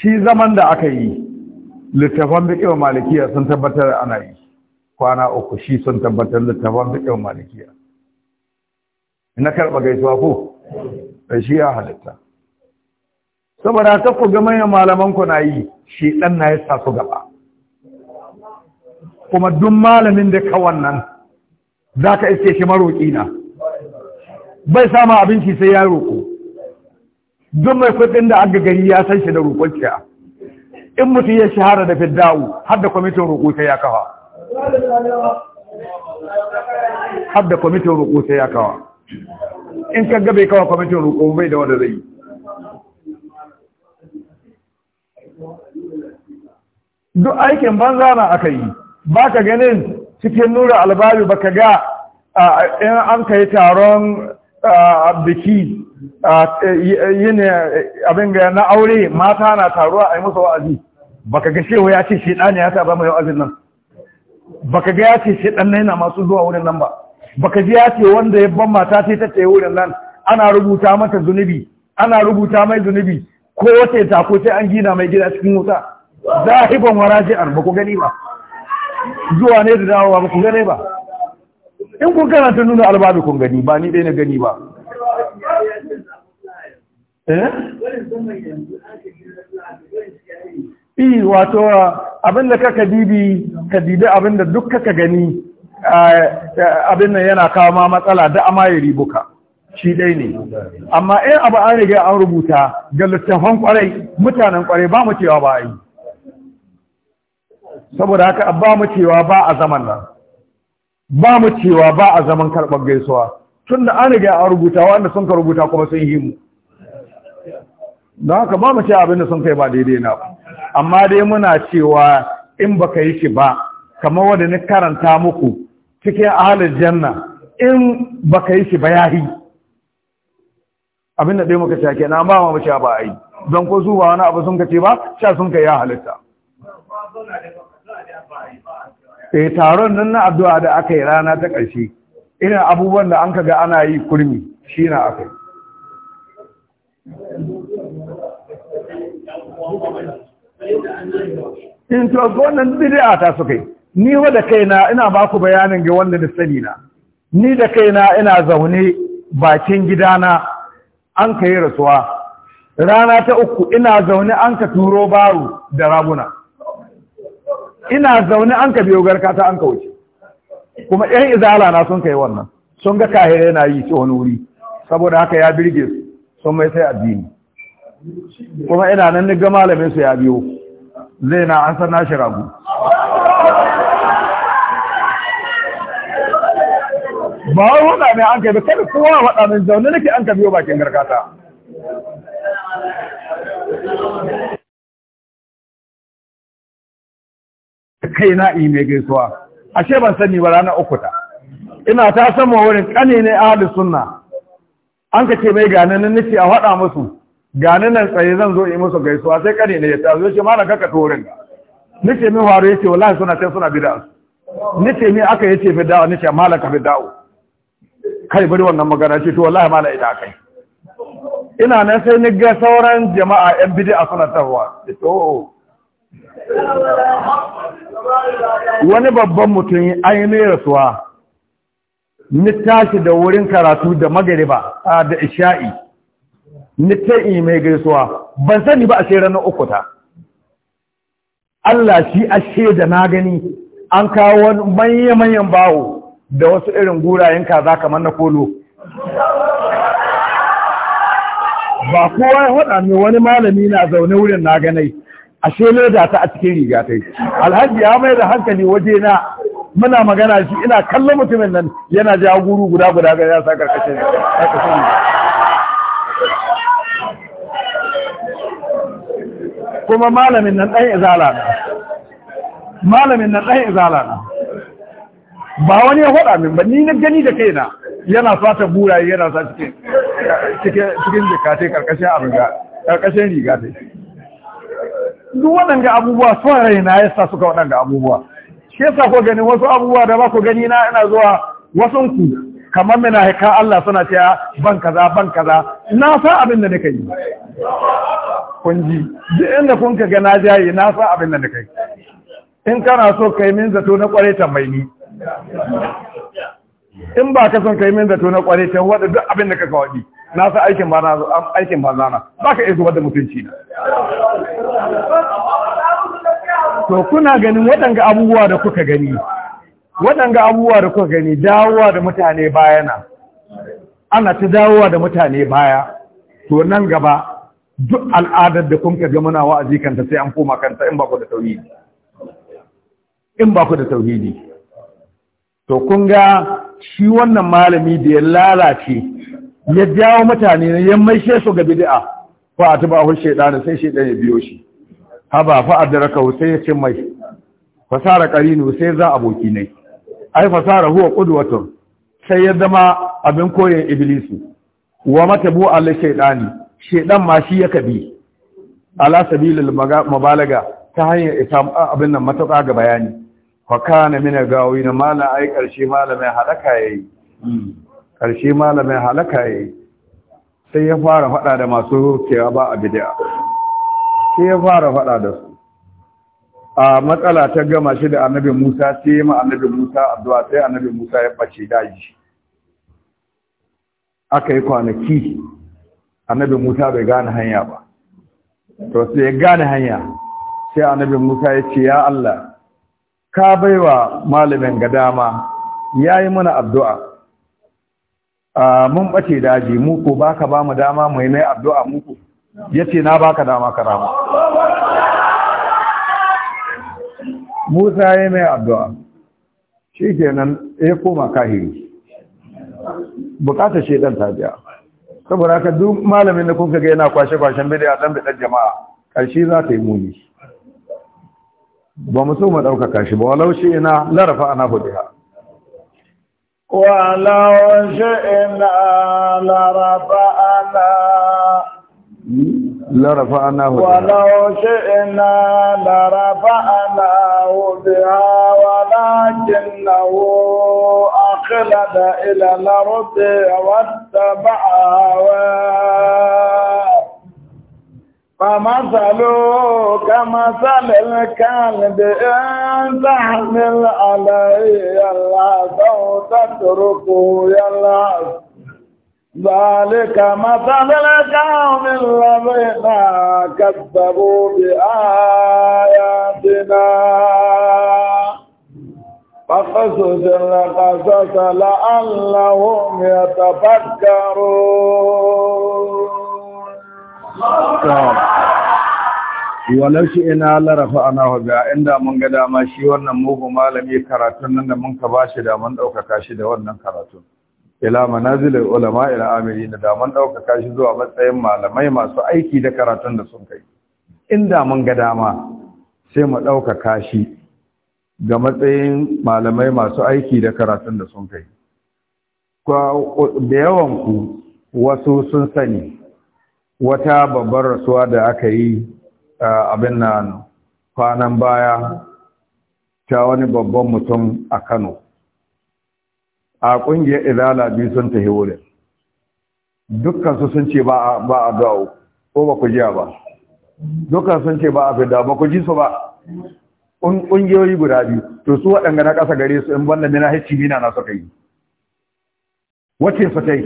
shi zaman da aka yi littafan fiƙewa malikiya sun tabbatar ana yi kwana uku shi sun tabbatar littafan fiƙewa malikiya na karɓa gaisuwa ko da shi ya halitta saboda ta ku ga manyan malaman ku na yi shi ɗan na ya su gaba kuma duk malamin da ka wannan za ka iske shi maroƙi na bai sama abinci sai ya roƙo duk mai kuɗin da aka gari ya san shi da roƙon ciya in mutum ya shahara da fidda'u har da kwamitin roƙo sai ya kawa har da kwamitin roƙo sai ya kawa in ka gabe kawa kwamitin roƙo bai da wanda zai duk aikin banza na aka yi ba ka ganin cikin nura albari ba ka ga in an kai taron biki yini e, e, e, abin ga na aure mata na taruwa a yi masa wa'azi baka ga shewa ya ce shedani ya ta ba mai wa'azin nan baka ga ya ce na yana masu zuwa wurin nan ba baka ji ya ce wanda ya ban mata ce ta ce wurin nan ana rubuta mata zunubi ana rubuta mai zunubi ko wata ya tako sai an gina mai gida cikin wuta zahiban waraji'ar ba ku gani ba zuwa ne da dawowa ba ku gani ba in kun karanta nuna albabi kun gani ba ni dai na gani ba eh wato abin da kaka dibi ka dibi abin da duk kaka gani abin nan yana kawo ma matsala da amma ya ribuka shi dai ne amma in abu an riga an rubuta ga littafan kwarai mutanen kwarai ba mu cewa ba yi saboda haka ba mu cewa ba a zaman nan ba mu cewa ba a zaman karɓar gaisuwa tun da an riga an rubuta wanda sun ka rubuta kuma sun yi mu don haka ba mu ce abin da sun kai ba daidai na ba amma dai muna cewa in baka yi shi ba kamar wadda ni karanta muku cikin ahalin janna in baka yi shi ba ya yi abin da dai muka ke na ba mu sha ba yi. don ko su ba wani abu sun kace ba sha sun kai ya halitta E, taron nan na addu'a da aka yi rana ta ƙarshe irin abubuwan da an kaga ana yi kurmi shi na aka yi in to wannan bid'a ta suke ni wa da kaina ina ba ku bayanin ga wanda da sani na ni da kaina ina zaune bakin gidana an ka rasuwa rana ta uku ina zaune an ka turo baro da rabuna. ina zaune an ka biyo garka ta an ka wuce kuma ɗan izala na sun kai wannan sun ga kahire na yi ci wuri saboda haka ya birge su sun mai sai addini kuma ina nan ni ga malamin su ya biyo zai na an san nashi ragu ba wani wada mai an kai kada kowa wada min zaune nake an ka biyo bakin garkata kai na yi mai gaisuwa ashe ban sani ba rana uku ta ina ta sama wurin kane ne ahli sunna an ka ce mai ganin nufi a wada musu gani nan tsaye zan zo yi musu gaisuwa sai kare ne ya ta zo ma na kaka torin nake min faru yace wallahi suna sai suna bid'a nake min aka yace bid'a nake malam bid'a kai bari wannan magana ce to wallahi mala ita kai ina nan sai ni ga sauran jama'a yan bid'a suna tawa to oh, oh. wani babban mutum an rasuwa ni tashi da wurin karatu da magariba da isha'i ni mai gaisuwa ban sani ba a shi ranar uku ta Allah shi a da na gani an kawo wani manya-manyan bawo da wasu irin gurayen kaza kamar na kolo ba kowa ya haɗa ne wani malami na zaune wurin na ganai ashe leda ta a cikin riga ta alhaji ya mai da hankali waje na muna magana shi ina kallon mutumin nan yana ja guru guda guda ga ya sa karkashin kuma malamin nan ɗan izala na malamin nan ɗan izala na ba wani ya faɗa min ba ni na gani da kai na, yana fata buraye yana sa cikin cikin jikatai karkashin abuga ƙarƙashin riga ta duk waɗanda abubuwa rai na ya sa suka waɗanda abubuwa shi yasa ko gani wasu abubuwa da ba ku gani na ina zuwa wasu ku kamar mina haika Allah suna cewa ban kaza ban kaza na sa abin da nake yi kun ji duk inda kun ka ga na na sa abin da kai in kana so kai min zato na kware tambayi ni in ba ka son kai min zato na kware ta wada duk abin da kaka wadi na sa aikin ba na aikin ba zana ba ka iya zubar da mutunci na to kuna ganin waɗanga abubuwa da kuka gani waɗanga abubuwa da kuka gani dawowa da mutane bayana ana ta dawowa da mutane baya to nan gaba duk al'adar da kun kaga muna wa'azi kanta sai an koma kanta in ba ku da tauhidi in ba ku da tauhidi to kun ga shi wannan malami da ya lalace ya jawo mutane ne ya maishe su ga bid'a fa atbahu shaytan sai shaytan ya biyo shi haba fa adraka sai ya ce mai fasara qarinu sai za aboki ne ai fasara huwa qudwatun sai ya zama abin koyon iblisu wa matabu al shaytani shedan ma shi ya kabi ala sabilil mabalaga ta hanyar isa abin nan matuƙa ga bayani fa kana min gawi na mala ai karshe malamin halaka yayi karshe malamin halaka yayi sai ya fara fada da masu cewa ba a bid'a sai ya fara fada da su a matsala ta gama shi da annabi Musa sai ma annabi Musa addu'a sai annabi Musa ya bace daji aka yi kwanaki annabi Musa bai gane hanya ba to sai ya gane hanya sai annabi Musa ya ce ya Allah ka baiwa malamin ga dama yayi mana addu'a a mun bace daji mu ko baka ba mu dama mu mai addu'a muku yace na baka dama rama Musa ya mai addu'a nan, ya koma kahiri bukatar shedan ta biya saboda ka duk malamin da kuka ga yana kwashe-kwashen bid'a dan ɗan jama'a ƙarshe za ta yi muni ba mu so mu ɗaukaka shi ba walau shi ina larafa ana ha walau shi ina larafa ana لرفعناه ولو شئنا لرفعناه بها ولكنه أخلد إلى الأرض واتبع هواه فمثله كمثل الكلب إن تحمل عليه الله أو تتركه يلعب ذلك مثل القوم الذين كذبوا بآياتنا فقصص القصص لعلهم يتفكرون walau shi ina larafa ana in inda mun ga dama shi wannan mugu malami karatun nan da mun ka bashi da mun ɗaukaka shi da wannan karatun ila manazil ulama ila amirin da mun dauka kashi zuwa matsayin malamai masu aiki da karatun da sun kai inda mun ga dama sai mu dauka kashi ga matsayin malamai masu aiki da karatun da sun kai da yawan ku wasu sun sani wata babbar rasuwa da aka yi abin nan kwanan baya ta wani babban mutum a Kano a ƙungiyar izala biyu sun ta wurin dukkan su sun ce ba a gawo ko ba ku jiya ba dukkan sun ce ba a fida ba ku ji su ba ƙungiyoyi guda biyu to su waɗanga na ƙasa gare su in banda mina hicci mina na suka yi wace su kai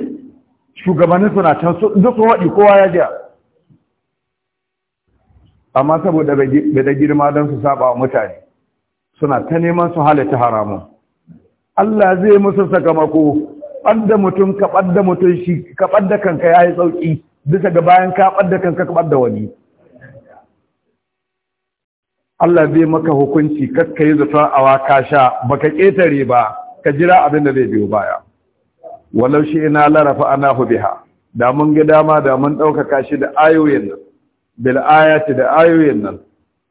shugabannin suna can duk su waɗi kowa ya jiya amma saboda bai da girma don su saba wa mutane suna ta neman su halatta haramun Allah zai musu sakamako ɓadda mutum ka ɓadda mutum shi ka ɓadda kanka ya yi sauƙi bisa ga bayan ka ɓadda kanka ka ɓadda wani Allah zai maka hukunci kakka yi zaton awa ka sha baka ƙetare ba ka jira abin da zai biyo baya walau shi ina larafa ana biha da mun ga dama da mun ɗaukaka shi da ayoyin nan bil ayati da ayoyin nan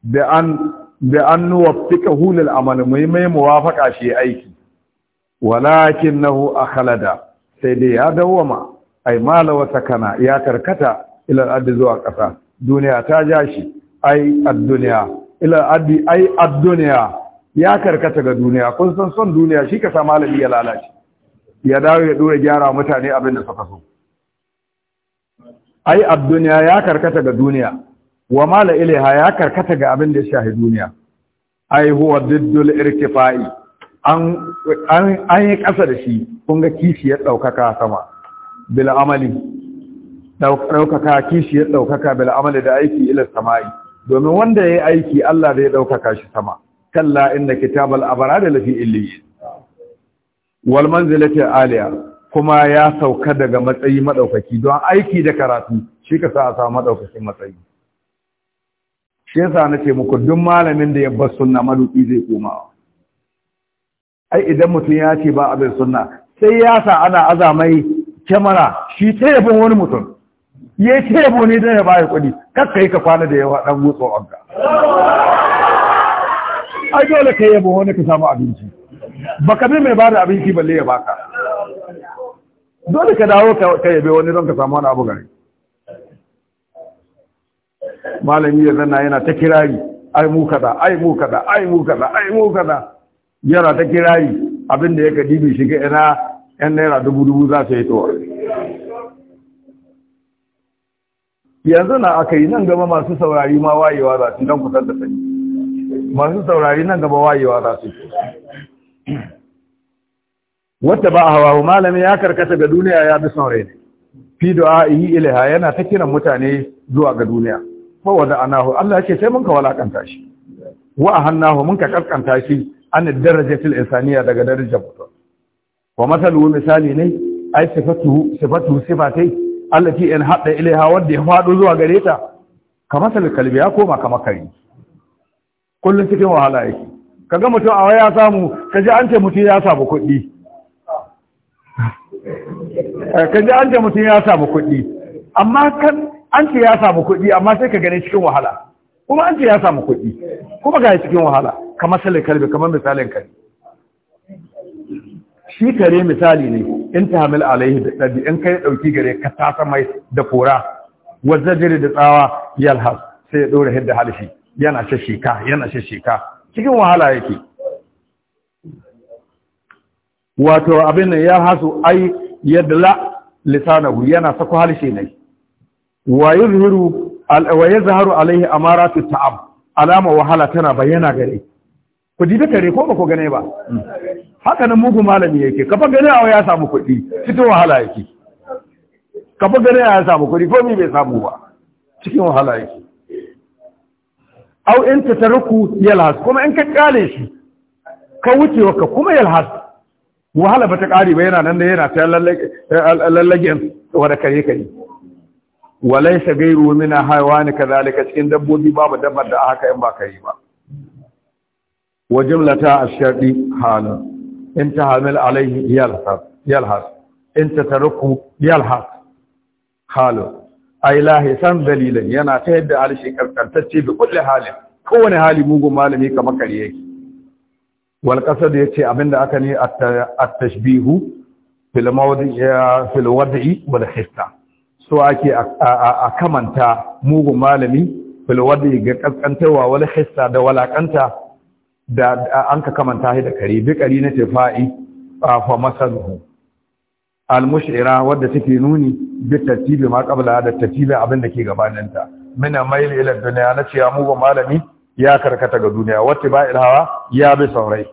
da an da an nuwafika hulul amal mai mai muwafaka shi aiki Walakin a akhlada sai dai ya dawwama ai mala wa sakana ya karkata ila addi zuwa ƙasa duniya ta ja shi ai ad ila addi ai ad ya karkata ga duniya kun san son duniya shi ka sa malami ya lalace ya dawo ya dora gyara mutane abin da suka so ai ad ya karkata ga duniya wa mala ilaiha ya karkata ga abin da ya shahi duniya ai huwa diddul irtifai an yi ƙasa da shi kun ga kishiyar ɗaukaka sama bil amali ɗaukaka kishiyar ɗaukaka bil amali da aiki ila sama'i domin wanda ya yi aiki Allah zai ɗaukaka shi sama kalla inda kitabal abara da lafi illiyi walman manzilati aliya kuma ya sauka daga matsayi maɗaukaki don aiki da karatu shi ka sa a samu maɗaukakin matsayi shi yasa ce muku duk malamin da ya bar sunna maduki zai komawa. ai idan mutum ya ce ba abin sunna sai ya sa ana azamai kyamara shi ta wani mutum ya ce yabo ne don ya baya kuɗi kakka yi ka kwana da yawa ɗan a wanka ai dole ka yabo wani ka samu abinci ba ka mai ba da abinci balle ya baka dole ka dawo ka yabe wani don ka samu wani abu gari malami ya zanna yana ta kirari ai mu kaza ai mu kaza ai mu kaza ai mu kaza yana ta kirari abin ya kadibi shiga ina yan naira dubu dubu za su yi towa yanzu na aka yi nan gaba masu saurari ma wayewa za su dan kusan da sani masu saurari nan gaba wayewa za su yi. wata ba a hawa malami ya karkata ga duniya ya bi son ne fi a yi ilaha yana ta kiran mutane zuwa ga duniya fa wada anahu Allah ce sai mun ka walakanta shi wa ahannahu mun ka kaskanta shi an darajatul insaniya daga darajar mutum wa masalu misali ne ai sifatu sifatu sifatai allati in hadda ilaiha wanda ya fado zuwa gare ta kamar sal kalbi ya koma kamar kare kullun cikin wahala yake kaga mutum a waya samu kaje an ce mutum ya samu kuɗi eh, kaje an ce mutum ya samu kuɗi amma kan an ce ya samu kuɗi amma sai ka gane cikin wahala kuma an ce ya samu kuɗi kuma ga cikin wahala kamar salin kalbi kamar misalin kare shi kare misali ne in ta hamil alaihi da ɗabi in kai ɗauki gare ka tasa mai da kora wazza jiri da tsawa yalhas sai ya ɗora hidda halishi yana shika yana shika cikin wahala yake wato abin ya hasu ai yadda la lisanahu yana sako halishi ne wa yuzhiru wa yazharu alaihi amaratu ta'ab alama wahala tana bayyana gare ku ji kare ko ba ku gane ba haka nan mugu malami yake kafa gane a ya samu kuɗi cikin wahala yake kafa gane a ya samu kuɗi ko bai samu ba cikin wahala yake au in ta taruku yalhas kuma in ka kale shi ka wuce wa ka kuma yalhas wahala ba ta kare ba yana nan da yana ta lallagen wani kare kare walai shagairu mina haiwa ne kazalika cikin dabbobi babu dabbar da haka in ba ka yi ba wa jumlata ash-sharti halun in tahamil alayhi yalhas yalhas in tatruku yalhas halun ay la hisan dalilan yana ta yadda alshi karkantacce bi kulli halin kowane hali mugun malami kamar kare yake wal qasad yace abinda aka ne at-tashbihu fil mawdi' fil wad'i wal so ake a kamanta mugu malami fil wad'i ga kaskantarwa wal hissa da walakanta da an ka kamanta shi da kare bi na na a fa masaluhu al-mush'ira wadda take nuni bi tartibi ma qabla da tartibi abin da ke ta mina mail ila dunya na cewa mu ba malami ya karkata ga duniya Wacce ba hawa ya bi saurai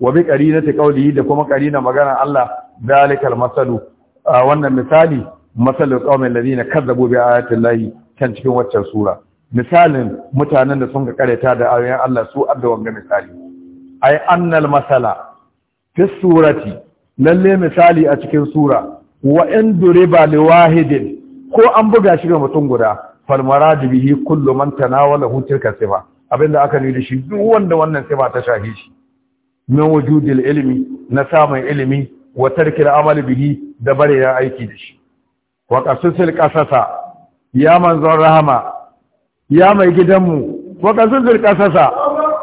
wa bi ta qawli da kuma qarina magana Allah zalikal masalu wannan misali masalu qawmin ladina kazzabu bi ayati llahi kan cikin waccan sura misalin mutanen da sun ga kareta da ayoyin Allah su adda wanga misali ai annal masala fi surati lalle misali a cikin sura wa in duriba li wahidin ko an buga shi ga mutum guda fal marad bihi kullu man tanawala hu tilka sifa abinda aka nuna shi duk wanda wannan sifa ta shahi shi min wujudil ilmi na samun ilimi wa tarkil amali bihi da bare ya aiki da shi wa qasasil qasasa ya manzon rahama ya mai gidanmu wa kasasir kasasa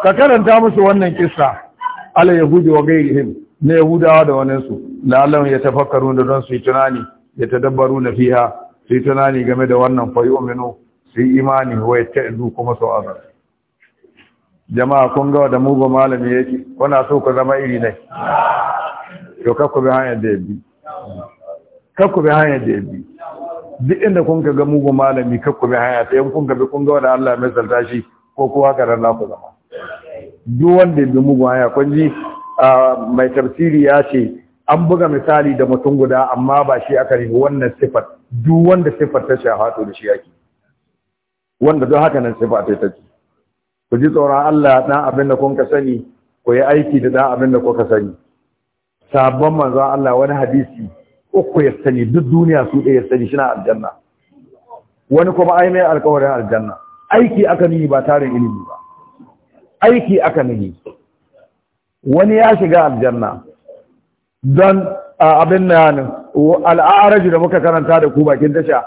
ka karanta musu wannan kisa ala yahudi wa gairihim na yahudawa da Na la'allam ya tafakkaru da don su yi tunani ya tadabbaru na fiha su yi tunani game da wannan fayi ominu su yi imani wa ya ta'idu kuma su azar jama'a kun gawa da mugu malami yake kuna so ku zama iri ne to kakku hanyar da ya bi kakku hanyar da ya bi duk inda kun ka ga mugu malami ka kuma haya ta yan kun ka bi kun ga wanda Allah mai salta shi ko kowa ka ran ku zama duk wanda bi mugu haya kun ji mai tafsiri ya ce an buga misali da mutum guda amma ba shi aka rihi wannan sifar duk wanda sifar ta shahato da shi yake wanda don haka nan sifar ta take ku ji tsoron Allah dan abin da kun ka sani ku yi aiki da dan abin da kuka sani sabon manzon Allah wani hadisi uku ya sani duk duniya su ɗaya sani shi na aljanna wani kuma ai mai alkawarin aljanna aiki aka nihi ba tarin ilimi ba aiki aka nihi wani ya shiga aljanna don abin nan al'araji da muka karanta da ku bakin tasha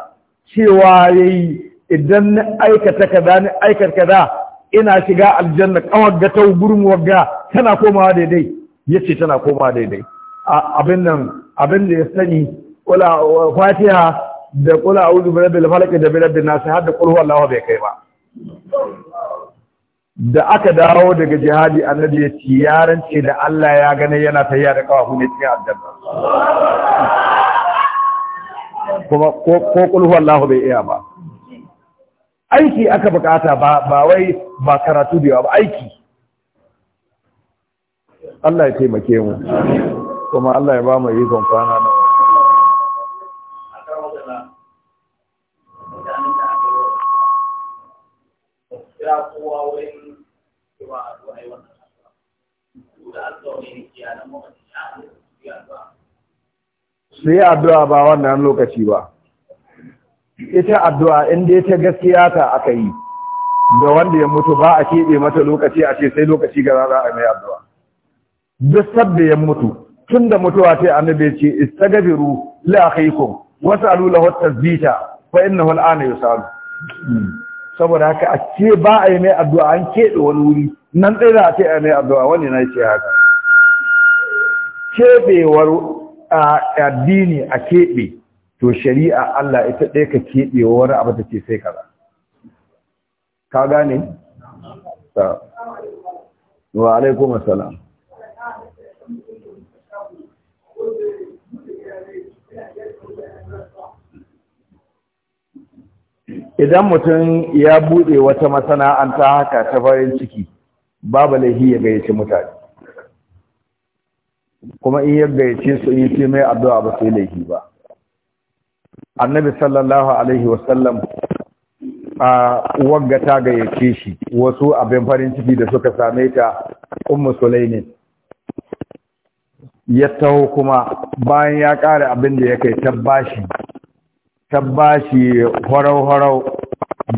cewa ya yi idan na aikata kada na aikata ina shiga aljanna kawar gata ta ga wagga tana komawa daidai Ya ce tana komawa daidai abin nan abin da ya sani kula fatiha da kula a'udhu bi rabbil falaq da bi rabbin nas har da qul huwallahu bai kai ba da aka dawo daga jihadi annabi ya ci, yaran ce da Allah ya gane yana tayya da kawafu ne cikin aljanna kuma ko qul huwallahu bai iya ba aiki aka bukata ba ba wai ba karatu da ba aiki Allah ya taimake mu kuma Allah ya ba mu ikon kwana nan su addu'a ba wannan lokaci ba ita addu'a inda ta gaskiya ta aka yi da wanda ya mutu ba a keɓe mata lokaci a ce sai lokaci ga za a mai addu'a duk sabda ya mutu tun da mutuwa ta annabi ce istagfiru li akhikum wasalu lahu tazbita fa innahu al'ana yusalu saboda haka a ce ba a yi mai addu'a an keɗe wani wuri nan tsaye za a ce a mai addu'a wani na ce haka keɓewar addini a keɓe to shari'a Allah ita ɗaya ka keɓewa wani abu da ce sai kaza ka gane? wa alaikum assalam idan mutum ya buɗe wata masana'anta haka ta farin ciki babu laifi ya gayyace mutane kuma in ya gayyace su in ce mai addu'a ba sai laifi ba annabi sallallahu alaihi wasallam a wagga ta gayyace shi wasu abin farin ciki da suka same ta ummu sulaimin ya taho kuma bayan ya ƙara abin da ya kai tabbashi ta shi horau-horau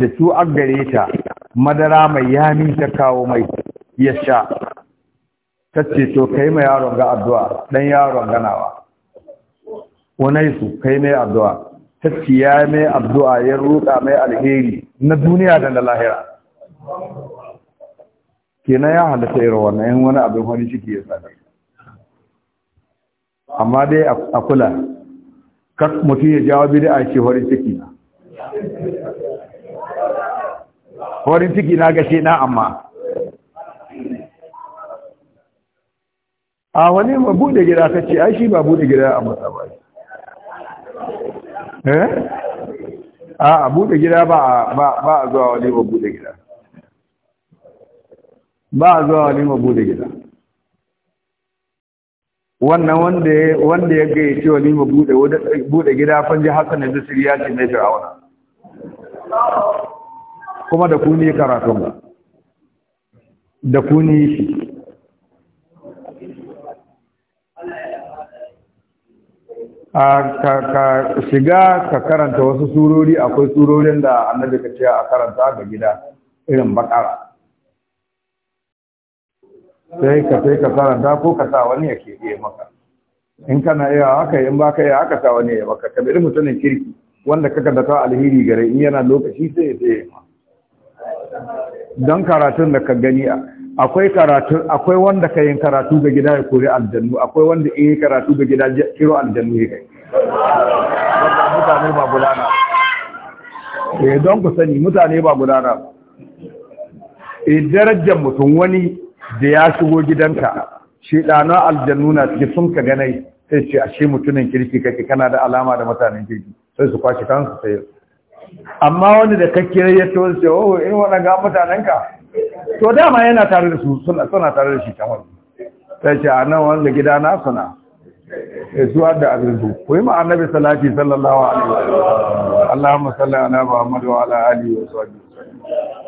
da su an gare ta madara mai yami ta kawo mai ya sha ta ce to kai mai yaron ga addu'a dan yaron ganawa wani su kai mai addu'a ta ce ya mai addu'a ya ruka mai alheri na duniya da na lahira kenan ya halatta irin wannan wani abin wani ciki ya sadar amma dai a kula kak mutum ya jawo bid'a ce horin ciki na horin ciki na gashe na amma a wani ma bude gida ka ce ai shi ba bude gida a masa ba eh a bude gida ba ba a zuwa wani ma bude gida ba a zuwa wani ma bude gida wannan wanda ya wanda ya yace walima bude bude gida fanji Hassan al-Basri ya ce mai Fir'auna kuma da ku karatu karatun da ku a shi ka shiga ka karanta wasu surori akwai surorin da annabi ka ce a karanta ga gida irin bakara sai ka sai ka karanta ko ka sa wani ya keɓe maka in kana iya haka in baka iya haka sa wani ya maka ka bari mutumin kirki wanda kaka da ta alheri gare in yana lokaci sai ya sai ma don karatun da ka gani akwai karatu akwai wanda ka yin karatu ga gida ya kori aljannu akwai wanda yi karatu ga gida kiro aljannu ya kai mutane ba gudana eh don ku sani mutane ba gudana eh darajar mutum wani da ya shigo gidanka shi shedanu aljannu na suke sun ka ganai sai ce a ashe mutumin kirki kake kana da alama da mutanen kirki sai su kwashi kansu sai amma wani da kakkiyar ya to oh, sai oh in wannan ga mutanen ka to dama yana tare da su suna suna tare da shi kamar sai ce a nan wanda gida na suna zuwa eh, da arziki ku yi ma'an nabi salati sallallahu alaihi wa sallam Allahumma salli ala Muhammad wa ala alihi wa sahbihi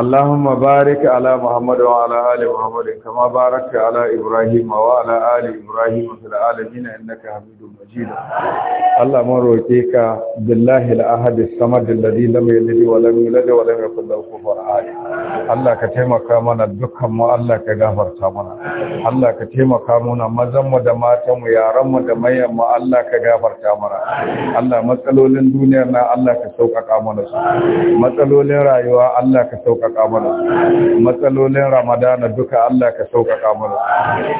اللهم بارك على محمد وعلى آل محمد كما باركت على إبراهيم وعلى آل إبراهيم في العالمين إنك حميد مجيد اللهم روكيك بالله الأحد الصمد الذي لم يلد ولم يولد ولم يكن له كفوا أحد الله كتمك من الدكم الله كغفر تامنا الله كتمك من مزم ودماتم يا رم ودميم الله كغفر تامنا الله مسألولين دنيا الله كسوكك أمنا مسألولين رأيوا الله كسوكك sauƙaƙa mana matsalolin ramadana duka Allah ka sauƙaƙa mana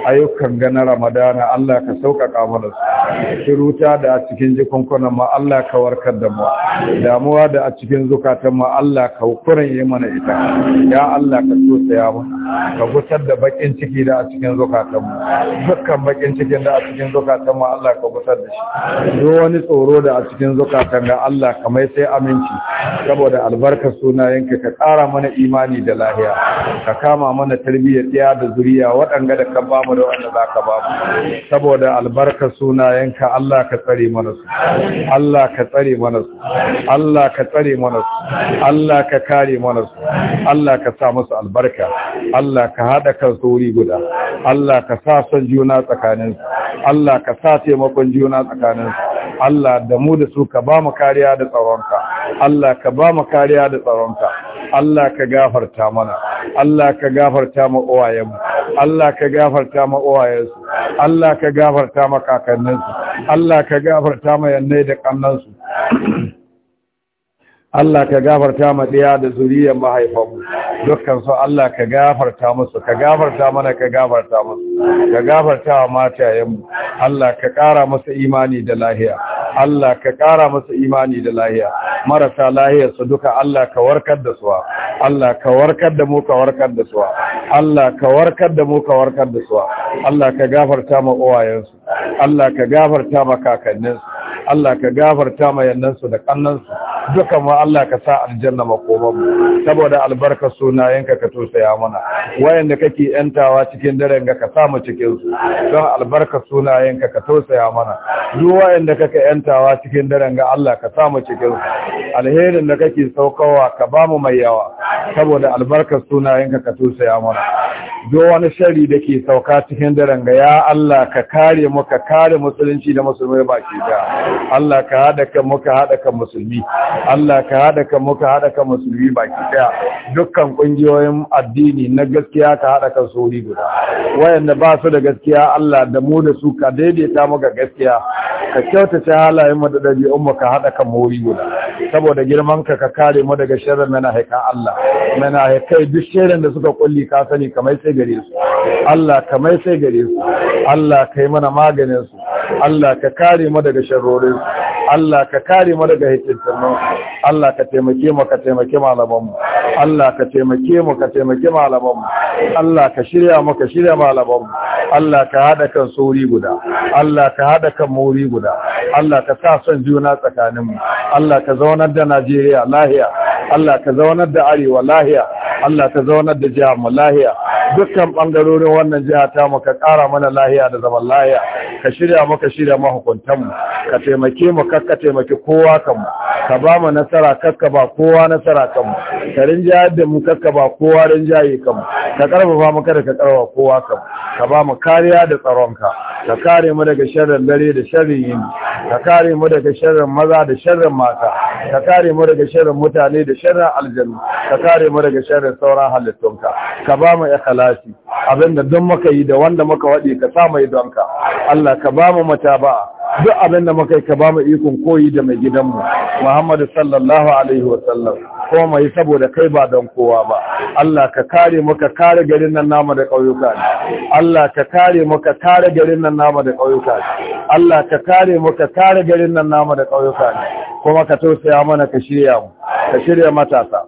ayyukan gana ramadana Allah ka sauƙaƙa mana shiruta da a cikin jikunkunan ma Allah ka warkar da mu damuwa da a cikin zukatan ma Allah ka kurin yi mana ita ya Allah ka so ya mana ka gusar da bakin ciki da a cikin zukatanmu dukkan bakin cikin da a cikin zukatanmu Allah ka gusar da shi duk wani tsoro da a cikin zukatan ga Allah ka mai sai aminci saboda albarkar sunayenka ka ƙara mana imani da lahiya ka kama mana tarbiyya, tsaya da zuriya waɗanga da ka bamu da wanda za ka bamu saboda albarkar sunayenka Allah ka tsare mana su Allah ka tsare mana su Allah ka tsare mana su Allah ka kare mana su Allah ka sa musu albarka Allah ka haɗa kan sauri guda Allah ka sa son juna tsakaninsu Allah ka sa taimakon juna tsakaninsu Allah da mu da su ka ba mu kariya da tsaronka Allah ka ba mu kariya da tsaronka Allah ka gafarta mana Allah ka gafarta ma uwayenmu Allah ka gafarta ma uwayensu Allah ka gafarta ma kakanninsu Allah ka gafarta ma da kannansu Allah ka gafarta ma ɗaya da zuriyar mahaifanmu dukkan su Allah ka gafarta musu ka gafarta mana ka gafarta musu ka gafarta wa matayenmu Allah ka ƙara musu imani da lahiya Allah ka ƙara musu imani da lahiya marasa lahiyar su duka Allah ka warkar da su Allah ka warkar da mu ka warkar da su Allah ka warkar da mu ka warkar da su Allah ka gafarta ma uwayensu Allah ka gafarta ma kakanninsu Allah ka gafarta ma yannansu da kannansu duka ma Allah ka sa aljanna makomanmu saboda albarkar sunayenka ka tosaya mana wayanda kake yantawa cikin daren ga ka samu cikin su don albarkar sunayenka ka tosaya mana duk wayanda kake yantawa cikin daren ga Allah ka samu cikin su alherin da kake saukawa ka ba mu mai yawa saboda albarkar sunayenka ka tosaya mana duk wani shari da ke sauka cikin daren ga ya Allah ka kare mu ka kare musulunci da musulmai baki da Allah ka hada kan muka hada kan musulmi Allah ka hada kan muka hada kan musulmi baki daya dukkan kungiyoyin addini na gaskiya ka hada kan sori guda wayanda ba su da gaskiya Allah da mu da su ka daidaita mu ga gaskiya ka kyautata halayen mu da dabi'un mu ka hada kan mori guda saboda girman ka ka kare mu daga sharrin mana haika Allah mana haikai duk sharrin da suka kulli ka sani kamar sai gare su Allah kamar sai gare su Allah kai mana maganin su Allah ka kare mu daga su Allah ka kare mu daga hikincin Allah ka taimake mu ka taimake malaman mu Allah ka taimake mu ka taimake malaman mu Allah ka shirya mu ka shirya malaman mu Allah ka hada kan sori guda Allah ka hada kan muri guda Allah ka sa son juna tsakanin mu Allah ka zaunar da Najeriya lahiya Allah ka zaunar da Arewa lahiya Allah ka zaunar da jihar mu lahiya dukkan bangarorin wannan jiha ta mu ka kara mana lahiya da zaman lahiya ka shirya mu ka shirya mahukuntan mu ka taimake mu ka kakka taimaki kowa kanmu ka ba mu nasara kakka ba kowa nasara kanmu ka rinja yadda mu kakka ba kowa rinjaye kanmu ka karfafa mu kada ka karwa kowa kanmu ka ba mu kariya da tsaronka ka kare mu daga sharrin dare da sharrin yini ka kare mu daga sharrin maza da sharrin mata ka kare mu daga sharrin mutane da sharrin aljanna ka kare mu daga sharrin sauran halittunka ka ba mu ikhlasi abinda don muka yi da wanda muka wadi ka sa mai donka Allah ka ba mu mataba'a duk abin da muka yi ka ba mu ikon koyi da mai gidanmu Muhammadu sallallahu alaihi wa sallam ko mai saboda kai ba don kowa ba Allah ka kare mu ka kare garin nan nama da ƙauyuka Allah ka kare mu ka kare garin nan nama da ƙauyuka Allah ka kare mu ka kare garin nan nama da ƙauyuka kuma ka tausaya mana ka shirya mu ka shirya matasa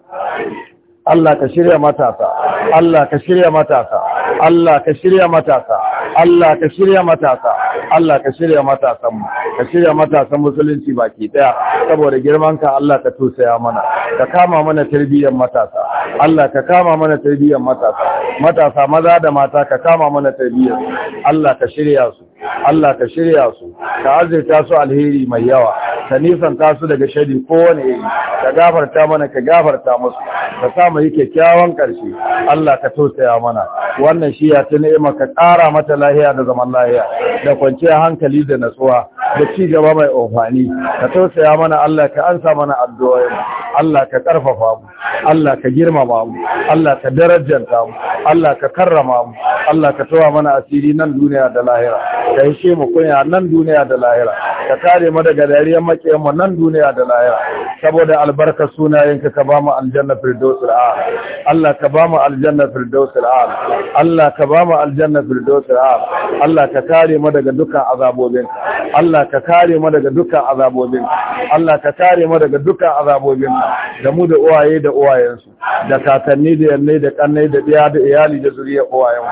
Allah ka shirya matasa Allah ka shirya matasa Allah ka shirya matasa Allah ka shirya matasa Allah ka shirya matasan mu ka shirya matasan musulunci baki daya saboda girmanka Allah ka tusaya mana ka kama mana tarbiyyar matasa Allah ka kama mana tarbiyyar matasa matasa maza da mata ka kama mana tarbiyyar Allah ka shirya su Allah ka shirya su ka azirta su alheri mai yawa ka nisanta su daga shari kowane iri ka gafarta mana ka gafarta musu ka sa yi kyakkyawan ƙarshe Allah ka tausaya mana wannan shi ya ta ima ka ƙara mata lahiya da zaman lahiya da kwanciyar hankali da natsuwa da ci gaba mai amfani ka tausaya mana Allah ka ansa mana addu'o'in. Allah ka karfafa mu Allah ka girmama mu Allah ka darajanta mu Allah ka karrama mu Allah ka tawa mana asiri nan duniya da lahira gaishe mu kunya nan duniya da lahira ka kare mu daga dariyar makiyan mu nan duniya da lahira saboda albarka sunayenka ka ba mu aljanna firdausul a'la Allah ka ba mu aljanna firdausul a'la Allah ka ba mu aljanna firdausul a'la Allah ka kare mu daga dukkan azabobin Allah ka kare mu daga dukkan azabobin Allah ka kare mu daga dukkan azabobin da mu da uwaye da uwayensu da kakanni da yanne da kannai da biya da iyali da zuriya uwayen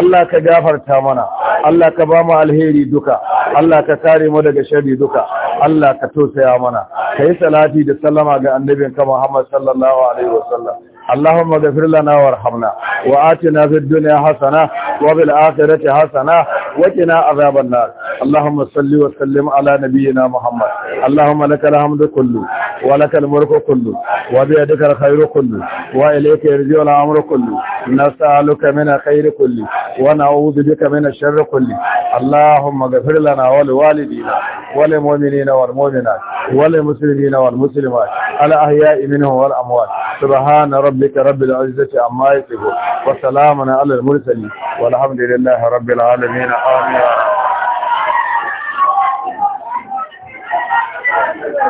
Allah ka gafarta mana Allah ka ba mu alheri duka Allah ka kare mu daga shari duka Allah ka tausaya mana Ka yi salati da sallama ga annabinka Muhammad sallallahu alaihi wasallam اللهم اغفر لنا وارحمنا وآتنا في الدنيا حسنة وفي الآخرة حسنة وقنا عذاب النار اللهم صل وسلم على نبينا محمد اللهم لك الحمد كله ولك الملك كله وبيدك الخير كله وإليك يرجع الأمر كله نسألك من الخير كله ونعوذ بك من الشر كله اللهم اغفر لنا ولوالدينا وللمؤمنين والمؤمنات وللمسلمين والمسلمات الأحياء منهم والأموات سبحان رب ربك رب العزة عما يصفون وسلام على المرسلين والحمد لله رب العالمين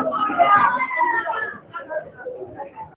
آمين